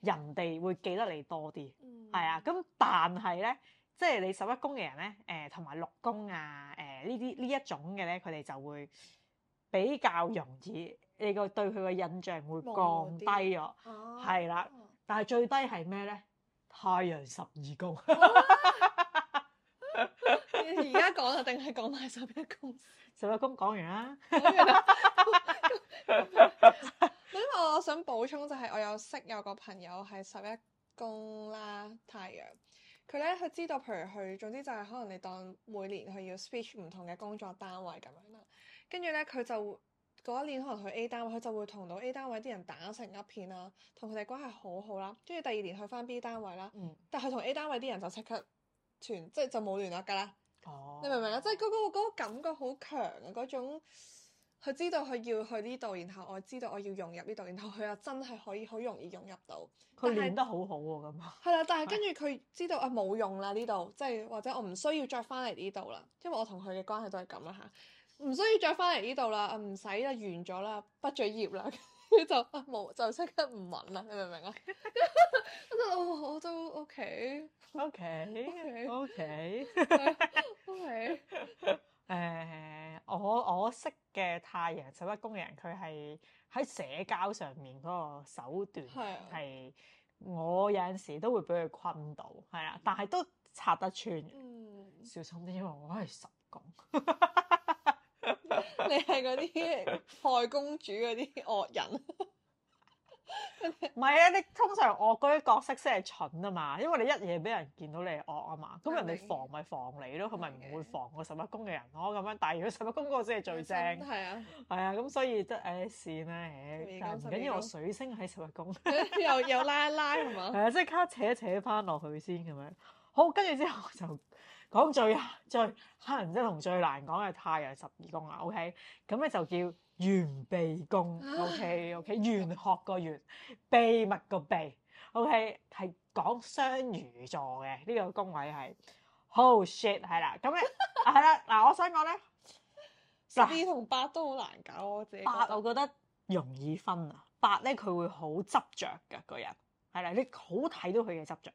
然人哋會記得你多啲，係啊、mm。咁、hmm. 但係咧。即係你十一宮嘅人咧，誒、呃，同埋六宮啊，誒、呃，呢啲呢一種嘅咧，佢哋就會比較容易，你個對佢嘅印象會降低咗，係啦、啊。但係最低係咩咧？太陽十二宮。而家講啊，定係講太十一宮？十一宮講完啦。咁 完 我想補充就係，我有識有個朋友係十一宮啦，太陽。佢咧，佢知道，譬如佢，總之就係可能你當每年佢要 switch 唔同嘅工作單位咁樣啦。跟住咧，佢就嗰一年可能去 A 單位，佢就會同到 A 單位啲人打成一片啦，同佢哋關係好好啦。跟住第二年去翻 B 單位啦，嗯、但係同 A 單位啲人就即刻斷即係就冇聯絡㗎啦。哦、你明唔明啊？即係嗰個感覺好強嘅嗰種。佢知道佢要去呢度，然後我知道我要融入呢度，然後佢又真係可以好容易融入到。佢練得好好喎，咁啊。係啦，但係跟住佢知道啊冇用啦呢度，即係或者我唔需要再返嚟呢度啦，因為我同佢嘅關係都係咁啦吓，唔、啊、需要再返嚟呢度啦，唔使啦，完咗啦，畢咗業啦，跟住就冇就即刻唔問啦，你明唔明啊？明我覺得、哦、我都 OK，OK，OK，OK。Okay. 誒、uh,，我我識嘅太陽十一宮嘅人，佢係喺社交上面嗰個手段係、啊，我有陣時都會俾佢困到，係啊，但係都拆得穿、嗯、小心啲，因為我係十宮， 你係嗰啲害公主嗰啲惡人。 唔係啊，你 通常我嗰啲角色先係蠢啊嘛，因為你一夜俾人見到你係惡啊嘛，咁嗎人哋防咪防你咯，佢咪唔會防我十一宮嘅人咯咁樣。但係如果十一宮嗰個先係最正，係、嗯、啊，係啊、嗯，咁所以得誒，誒，是啦。誒公？但唔緊要，公我水星喺十一宮又又拉一拉係嘛？係啊， 即 刻扯一扯翻落去先咁樣。好，跟住之後就講最最可能即係同最難講嘅太陽十二宮啦。OK，咁咧就叫。原秘宮，OK OK，原學個原，秘密個秘，OK 係講雙魚座嘅呢，這個宮位係好、Oh, shit，係啦，咁咧係啦，嗱我想講咧，十二同八都好難搞，我自己八，我覺得容易分啊，八咧佢會好執着噶個人，係啦，你好睇到佢嘅執着，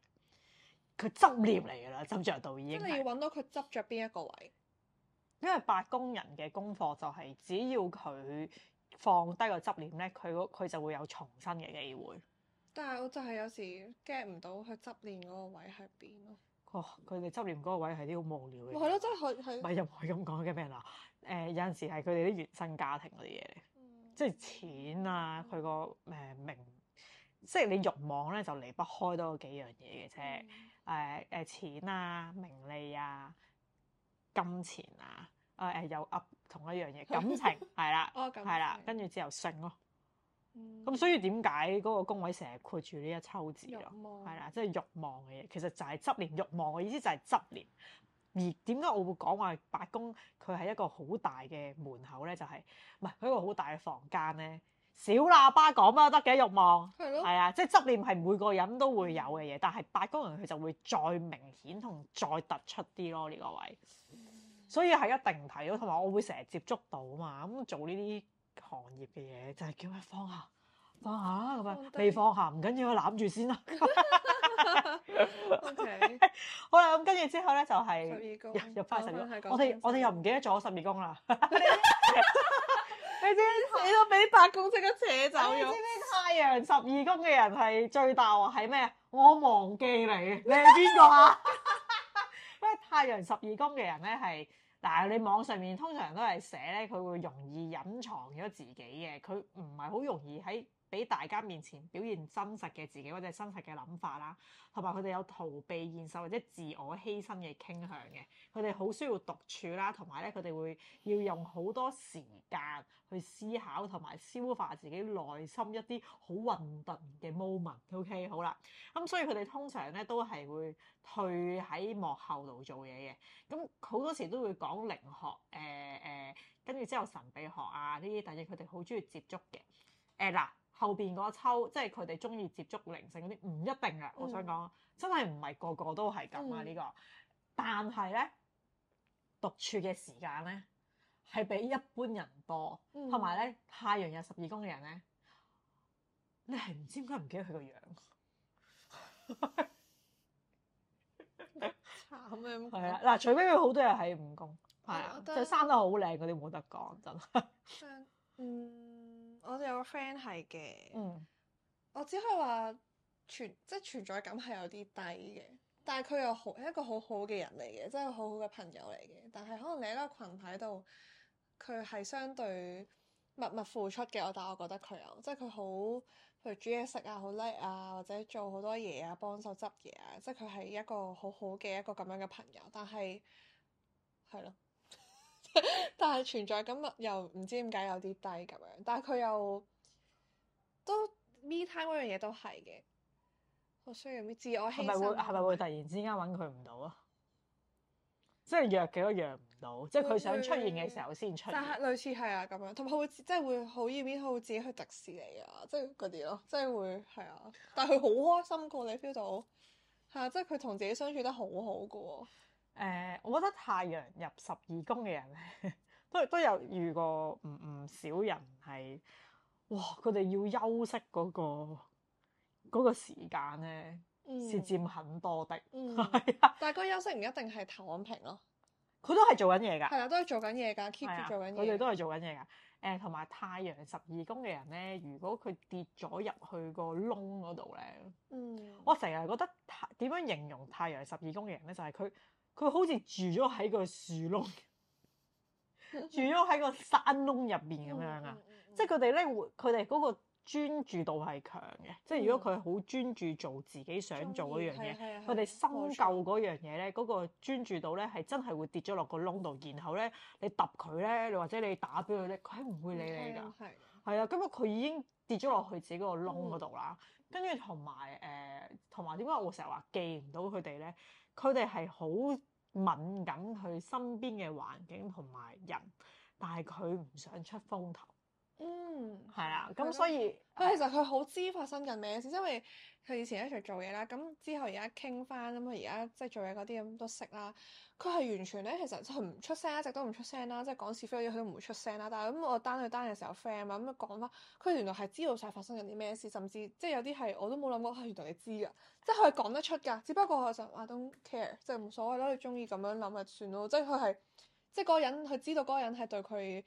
佢執念嚟噶啦，執着到已經，即、嗯、你要揾到佢執着邊一個位。因為八宮人嘅功課就係只要佢放低個執念咧，佢佢就會有重生嘅機會。但係我就係有時 get 唔到佢執念嗰個位喺邊咯。哦，佢哋執念嗰個位係啲好無聊嘅。係咯，即係佢佢咪又唔可以咁講嘅咩嗱？誒有陣時係佢哋啲原生家庭嗰啲嘢嚟，即係錢啊，佢個誒名，即係你慾望咧就離不開多幾樣嘢嘅啫。誒誒錢啊，名利啊，金錢啊。啊誒、哎、又噏同一樣嘢 感情係啦，係啦，跟住之後性咯。咁、嗯、所以點解嗰個宮位成日括住呢一抽字咯？係啦望，即係慾望嘅嘢，其實就係執念慾望嘅意思就係執念。而點解我會講話八宮佢係一個好大嘅門口咧？就係唔係佢一個好大嘅房間咧？小喇叭講乜都得嘅慾望係咯，啊的，即係執念係每個人都會有嘅嘢，但係八宮人佢就會再明顯同再突出啲咯呢個位。所以係一定睇咯，同埋我會成日接觸到啊嘛，咁做呢啲行業嘅嘢就係、是、叫佢放下放下咁樣未、哦、放下唔緊要、啊，攬住先啦。O K，好啦，咁跟住之後咧就係十二宮入返十二宮，我哋我哋又唔記得咗十二宮啦。你，你知你都俾八宮即刻扯走咗。你知唔知太陽十二宮嘅人係最大喎？係咩啊？我忘記你，你係邊個啊？因太陽十二宮嘅人咧係。但係你網上面通常都係寫呢，佢會容易隱藏咗自己嘅，佢唔係好容易喺俾大家面前表現真實嘅自己或者真實嘅諗法啦，同埋佢哋有逃避現實或者自我犧牲嘅傾向嘅，佢哋好需要獨處啦，同埋咧佢哋會要用好多時間去思考同埋消化自己內心一啲好混沌嘅 moment。O.K. 好啦，咁所以佢哋通常咧都係會退喺幕後度做嘢嘅，咁好多時都會講靈學，誒、呃、誒，跟、呃、住之後神秘學啊呢啲，但係佢哋好中意接觸嘅，誒、呃、嗱。後邊嗰抽，即係佢哋中意接觸靈性嗰啲，唔一定啊。嗯、我想講，真係唔係個個都係咁啊！呢、嗯呢個，但係咧，獨處嘅時間咧，係比一般人多，同埋咧，太陽有十二宮嘅人咧，你係唔知點解唔記得佢個樣，咁 咩？係啊，嗱，除非佢好多人喺五宮，係啊，就生得好靚嗰啲冇得講，真係。嗯。 我哋有個 friend 係嘅，嗯、我只可以話存即係存在感係有啲低嘅，但係佢又好係一個好好嘅人嚟嘅，即係好好嘅朋友嚟嘅。但係可能你喺個群體度，佢係相對默默付出嘅。我但係我覺得佢有，即係佢好譬如煮嘢食啊，好叻啊，或者做好多嘢啊，幫手執嘢啊，即係佢係一個好好嘅一個咁樣嘅朋友。但係係咯。 但係存在感又唔知點解有啲低咁樣，但係佢又都 me time 樣嘢都係嘅，我需要咩自我？係咪會係咪會突然之間揾佢唔到啊？ 即係約幾多約唔到，即係佢想出現嘅時候先出現。但係類似係啊咁樣，同埋會即係會好易邊，佢會自己去迪士尼啊，就是，即係嗰啲咯，即係會係啊。但係佢好開心個，你 feel 到係啊，即係佢同自己相處得好好噶。誒，uh，我覺得太陽入十二宮嘅人呢， 都都有遇過唔唔少人係，哇！佢哋要休息嗰、那個嗰、嗯、個時間咧，是佔很多的。嗯，啊，但係嗰個休息唔一定係躺平咯、啊，佢 都係做緊嘢㗎。係啦、啊，都係做緊嘢㗎，keep 住做緊嘢。佢哋都係做緊嘢㗎。誒，同埋太陽十二宮嘅人咧，如果佢跌咗入去個窿嗰度咧，嗯，我成日覺得太點樣形容太陽十二宮嘅人咧，就係、是、佢。佢好似住咗喺個樹窿， 住咗喺個山窿入邊咁樣啊！ 即係佢哋咧，佢哋嗰個專注度係強嘅。 即係如果佢好專注做自己想做嗰樣嘢，佢哋深究嗰樣嘢咧，嗰 個專注度咧係真係會跌咗落個窿度。然後咧，你揼佢咧，你或者你打畀佢咧，佢係唔會理你噶。係啊， 咁啊，佢已經跌咗落去自己嗰個窿嗰度啦。跟住同埋誒，同埋點解我成日話記唔到佢哋咧？佢哋係好敏感佢身邊嘅環境同埋人，但係佢唔想出風頭。嗯，係啦、嗯，咁的所以佢、嗯、其實佢好知發生緊咩事，因為佢以前一齊做嘢啦，咁之後而家傾翻，咁佢而家即係做嘢嗰啲咁都識啦。佢係完全咧，其實真唔出聲，一直都唔出聲啦，即係講是非嗰啲佢都唔會出聲啦。但係咁我單對單嘅時候 friend 啊，咁樣講翻，佢原來係知道晒發生緊啲咩事，甚至即係有啲係我都冇諗過、啊，原來你知噶，即係佢係講得出噶。只不過我就 I、啊、don't care，即係唔所謂啦，你中意咁樣諗咪算咯，即係佢係，即係嗰個人佢知道嗰個人係對佢。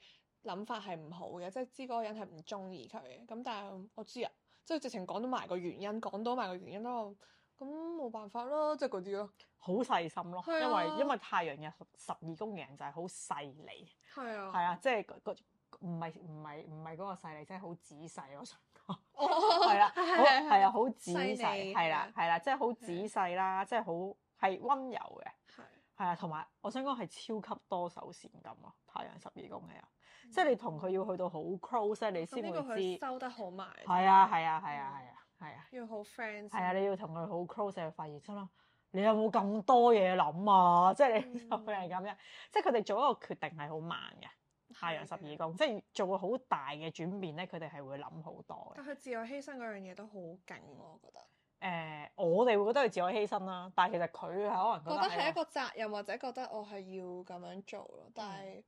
諗法係唔好嘅，即係知嗰個人係唔中意佢嘅。咁但係我知啊，即係直情講到埋個原因，講到埋個原因都咁冇辦法咯，即係嗰啲咯。好細心咯，啊、因為因為太陽嘅十二宮嘅人就係好細膩，係啊，係啊，即係唔係唔係唔係嗰個細膩，即係好仔細。啊啊、我想講，係啦，係啊，好仔細，係啦，係啦，即係好仔細啦，即係好係溫柔嘅，係係啊，同埋我想講係超級多愁善感咯，太陽十二宮嘅人。即係你同佢要去到好 close，即係你先會知。呢個佢收得好埋。係啊，係啊，係啊，係啊，係啊。要好 friend。係啊，你要同佢好 close 先去發現出咯。你有冇咁多嘢諗啊？即係你就係咁樣。即係佢哋做一個決定係好慢嘅。太陽十二宮，即係做個好大嘅轉變咧，佢哋係會諗好多。但佢自我犧牲嗰樣嘢都好勁，我覺得。誒，我哋會覺得佢自我犧牲啦，但係其實佢可能覺得係一個責任，或者覺得我係要咁樣做咯。但係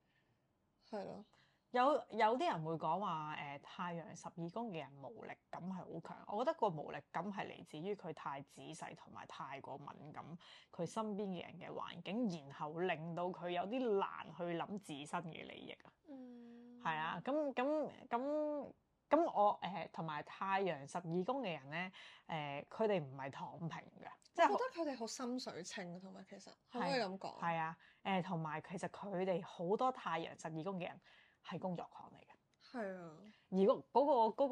係咯。有有啲人會講話誒，太陽十二宮嘅人無力感係好強。我覺得個無力感係嚟自於佢太仔細同埋太過敏感佢身邊嘅人嘅環境，然後令到佢有啲難去諗自身嘅利益、嗯、啊。嗯，係啊。咁咁咁咁，我誒同埋太陽十二宮嘅人咧，誒佢哋唔係躺平嘅，即係我覺得佢哋好心水清，同埋其實可以咁講。係啊，誒同埋其實佢哋好多太陽十二宮嘅人，係工作狂嚟嘅，係啊！而嗰嗰個嗰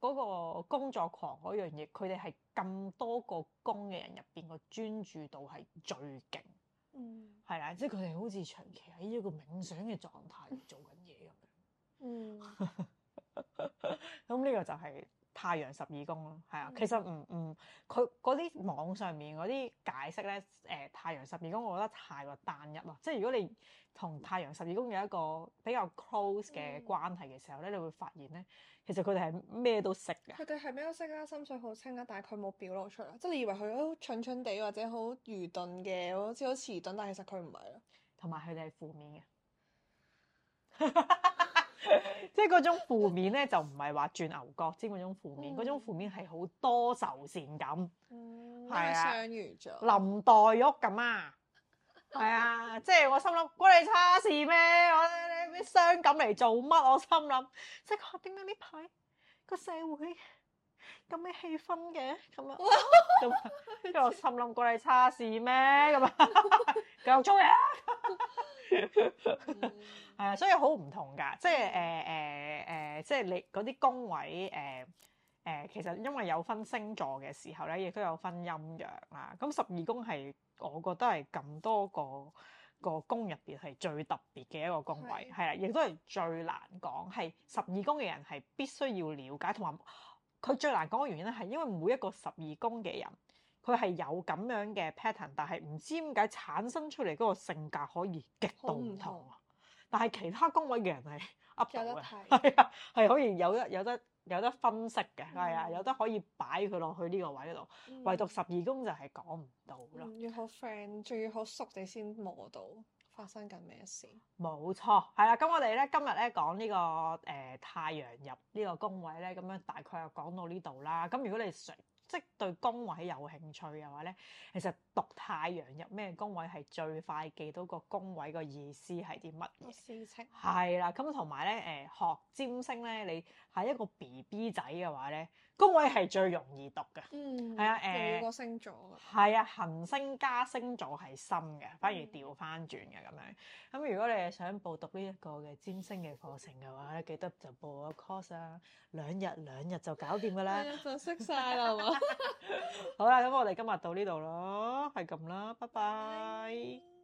個嗰個工作狂嗰樣嘢，佢哋係咁多個工嘅人入邊個專注度係最勁，嗯，係啦，即係佢哋好似長期喺一個冥想嘅狀態做緊嘢咁樣，嗯，咁呢 個就係。太陽十二宮咯，係啊，嗯、其實唔唔，佢嗰啲網上面嗰啲解釋咧，誒、呃、太陽十二宮，我覺得太過單一啦。即係如果你同太陽十二宮有一個比較 close 嘅關係嘅時候咧，嗯、你會發現咧，其實佢哋係咩都識嘅。佢哋係咩都識啊，心水好清啊，但係佢冇表露出嚟，即係你以為佢都蠢蠢地或者好愚鈍嘅，好似好遲鈍，但係其實佢唔係啦。同埋佢哋係負面嘅。 即係嗰種負面呢，就唔係話轉牛角尖嗰種負面，嗰、嗯、種負面係好多愁善感，係、嗯、啊，相林黛玉咁啊，係、嗯、啊，即係我心諗，關你叉事咩？我你啲傷感嚟做乜？我心諗，即係點解呢排個社會咁嘅氣氛嘅咁樣，跟住哇 我心諗，關你叉事咩？咁啊，繼續做嘢。係 啊，所以好唔同噶，即係誒誒誒，即係你嗰啲宮位誒誒、呃呃，其實因為有分星座嘅時候咧的，亦都有分陰陽啦。咁十二宮係我覺得係咁多個個宮入邊係最特別嘅一個宮位，係啦，亦都係最難講。係十二宮嘅人係必須要了解，同埋佢最難講嘅原因咧，係因為每一個十二宮嘅人。佢係有咁樣嘅 pattern，但係唔知點解產生出嚟嗰個性格可以極度唔同，同啊！但係其他宮位嘅人係阿寶嘅，係啊，係可以有得有得有得分析嘅，係、嗯、啊，有得可以擺佢落去呢個位度。嗯、唯獨十二宮就係講唔到咯、嗯。要好 friend，仲要好熟，你先摸到發生緊咩事？冇錯，係啦、啊。咁我哋咧今日咧講呢、呢個誒、呃、太陽入呢個宮位咧，咁樣大概又講到呢度啦。咁如果你即對宮位有興趣嘅話咧，其實讀太陽入咩宮位係最快記到個宮位個意思係啲乜嘢？師星。係啦，咁同埋咧，誒學占星咧，你係一個 B B 仔嘅話咧。宮位係最容易讀嘅，係、嗯、啊誒，個星座，係、呃、啊，行星加星座係深嘅，反而掉返轉嘅咁樣。咁如果你係想報讀呢一個嘅占星嘅課程嘅話咧，記得就報個 course 啊，兩日兩日就搞掂㗎啦，兩日 就識晒嘛。好啦，咁我哋今日到呢度咯，係咁啦，拜拜。Bye.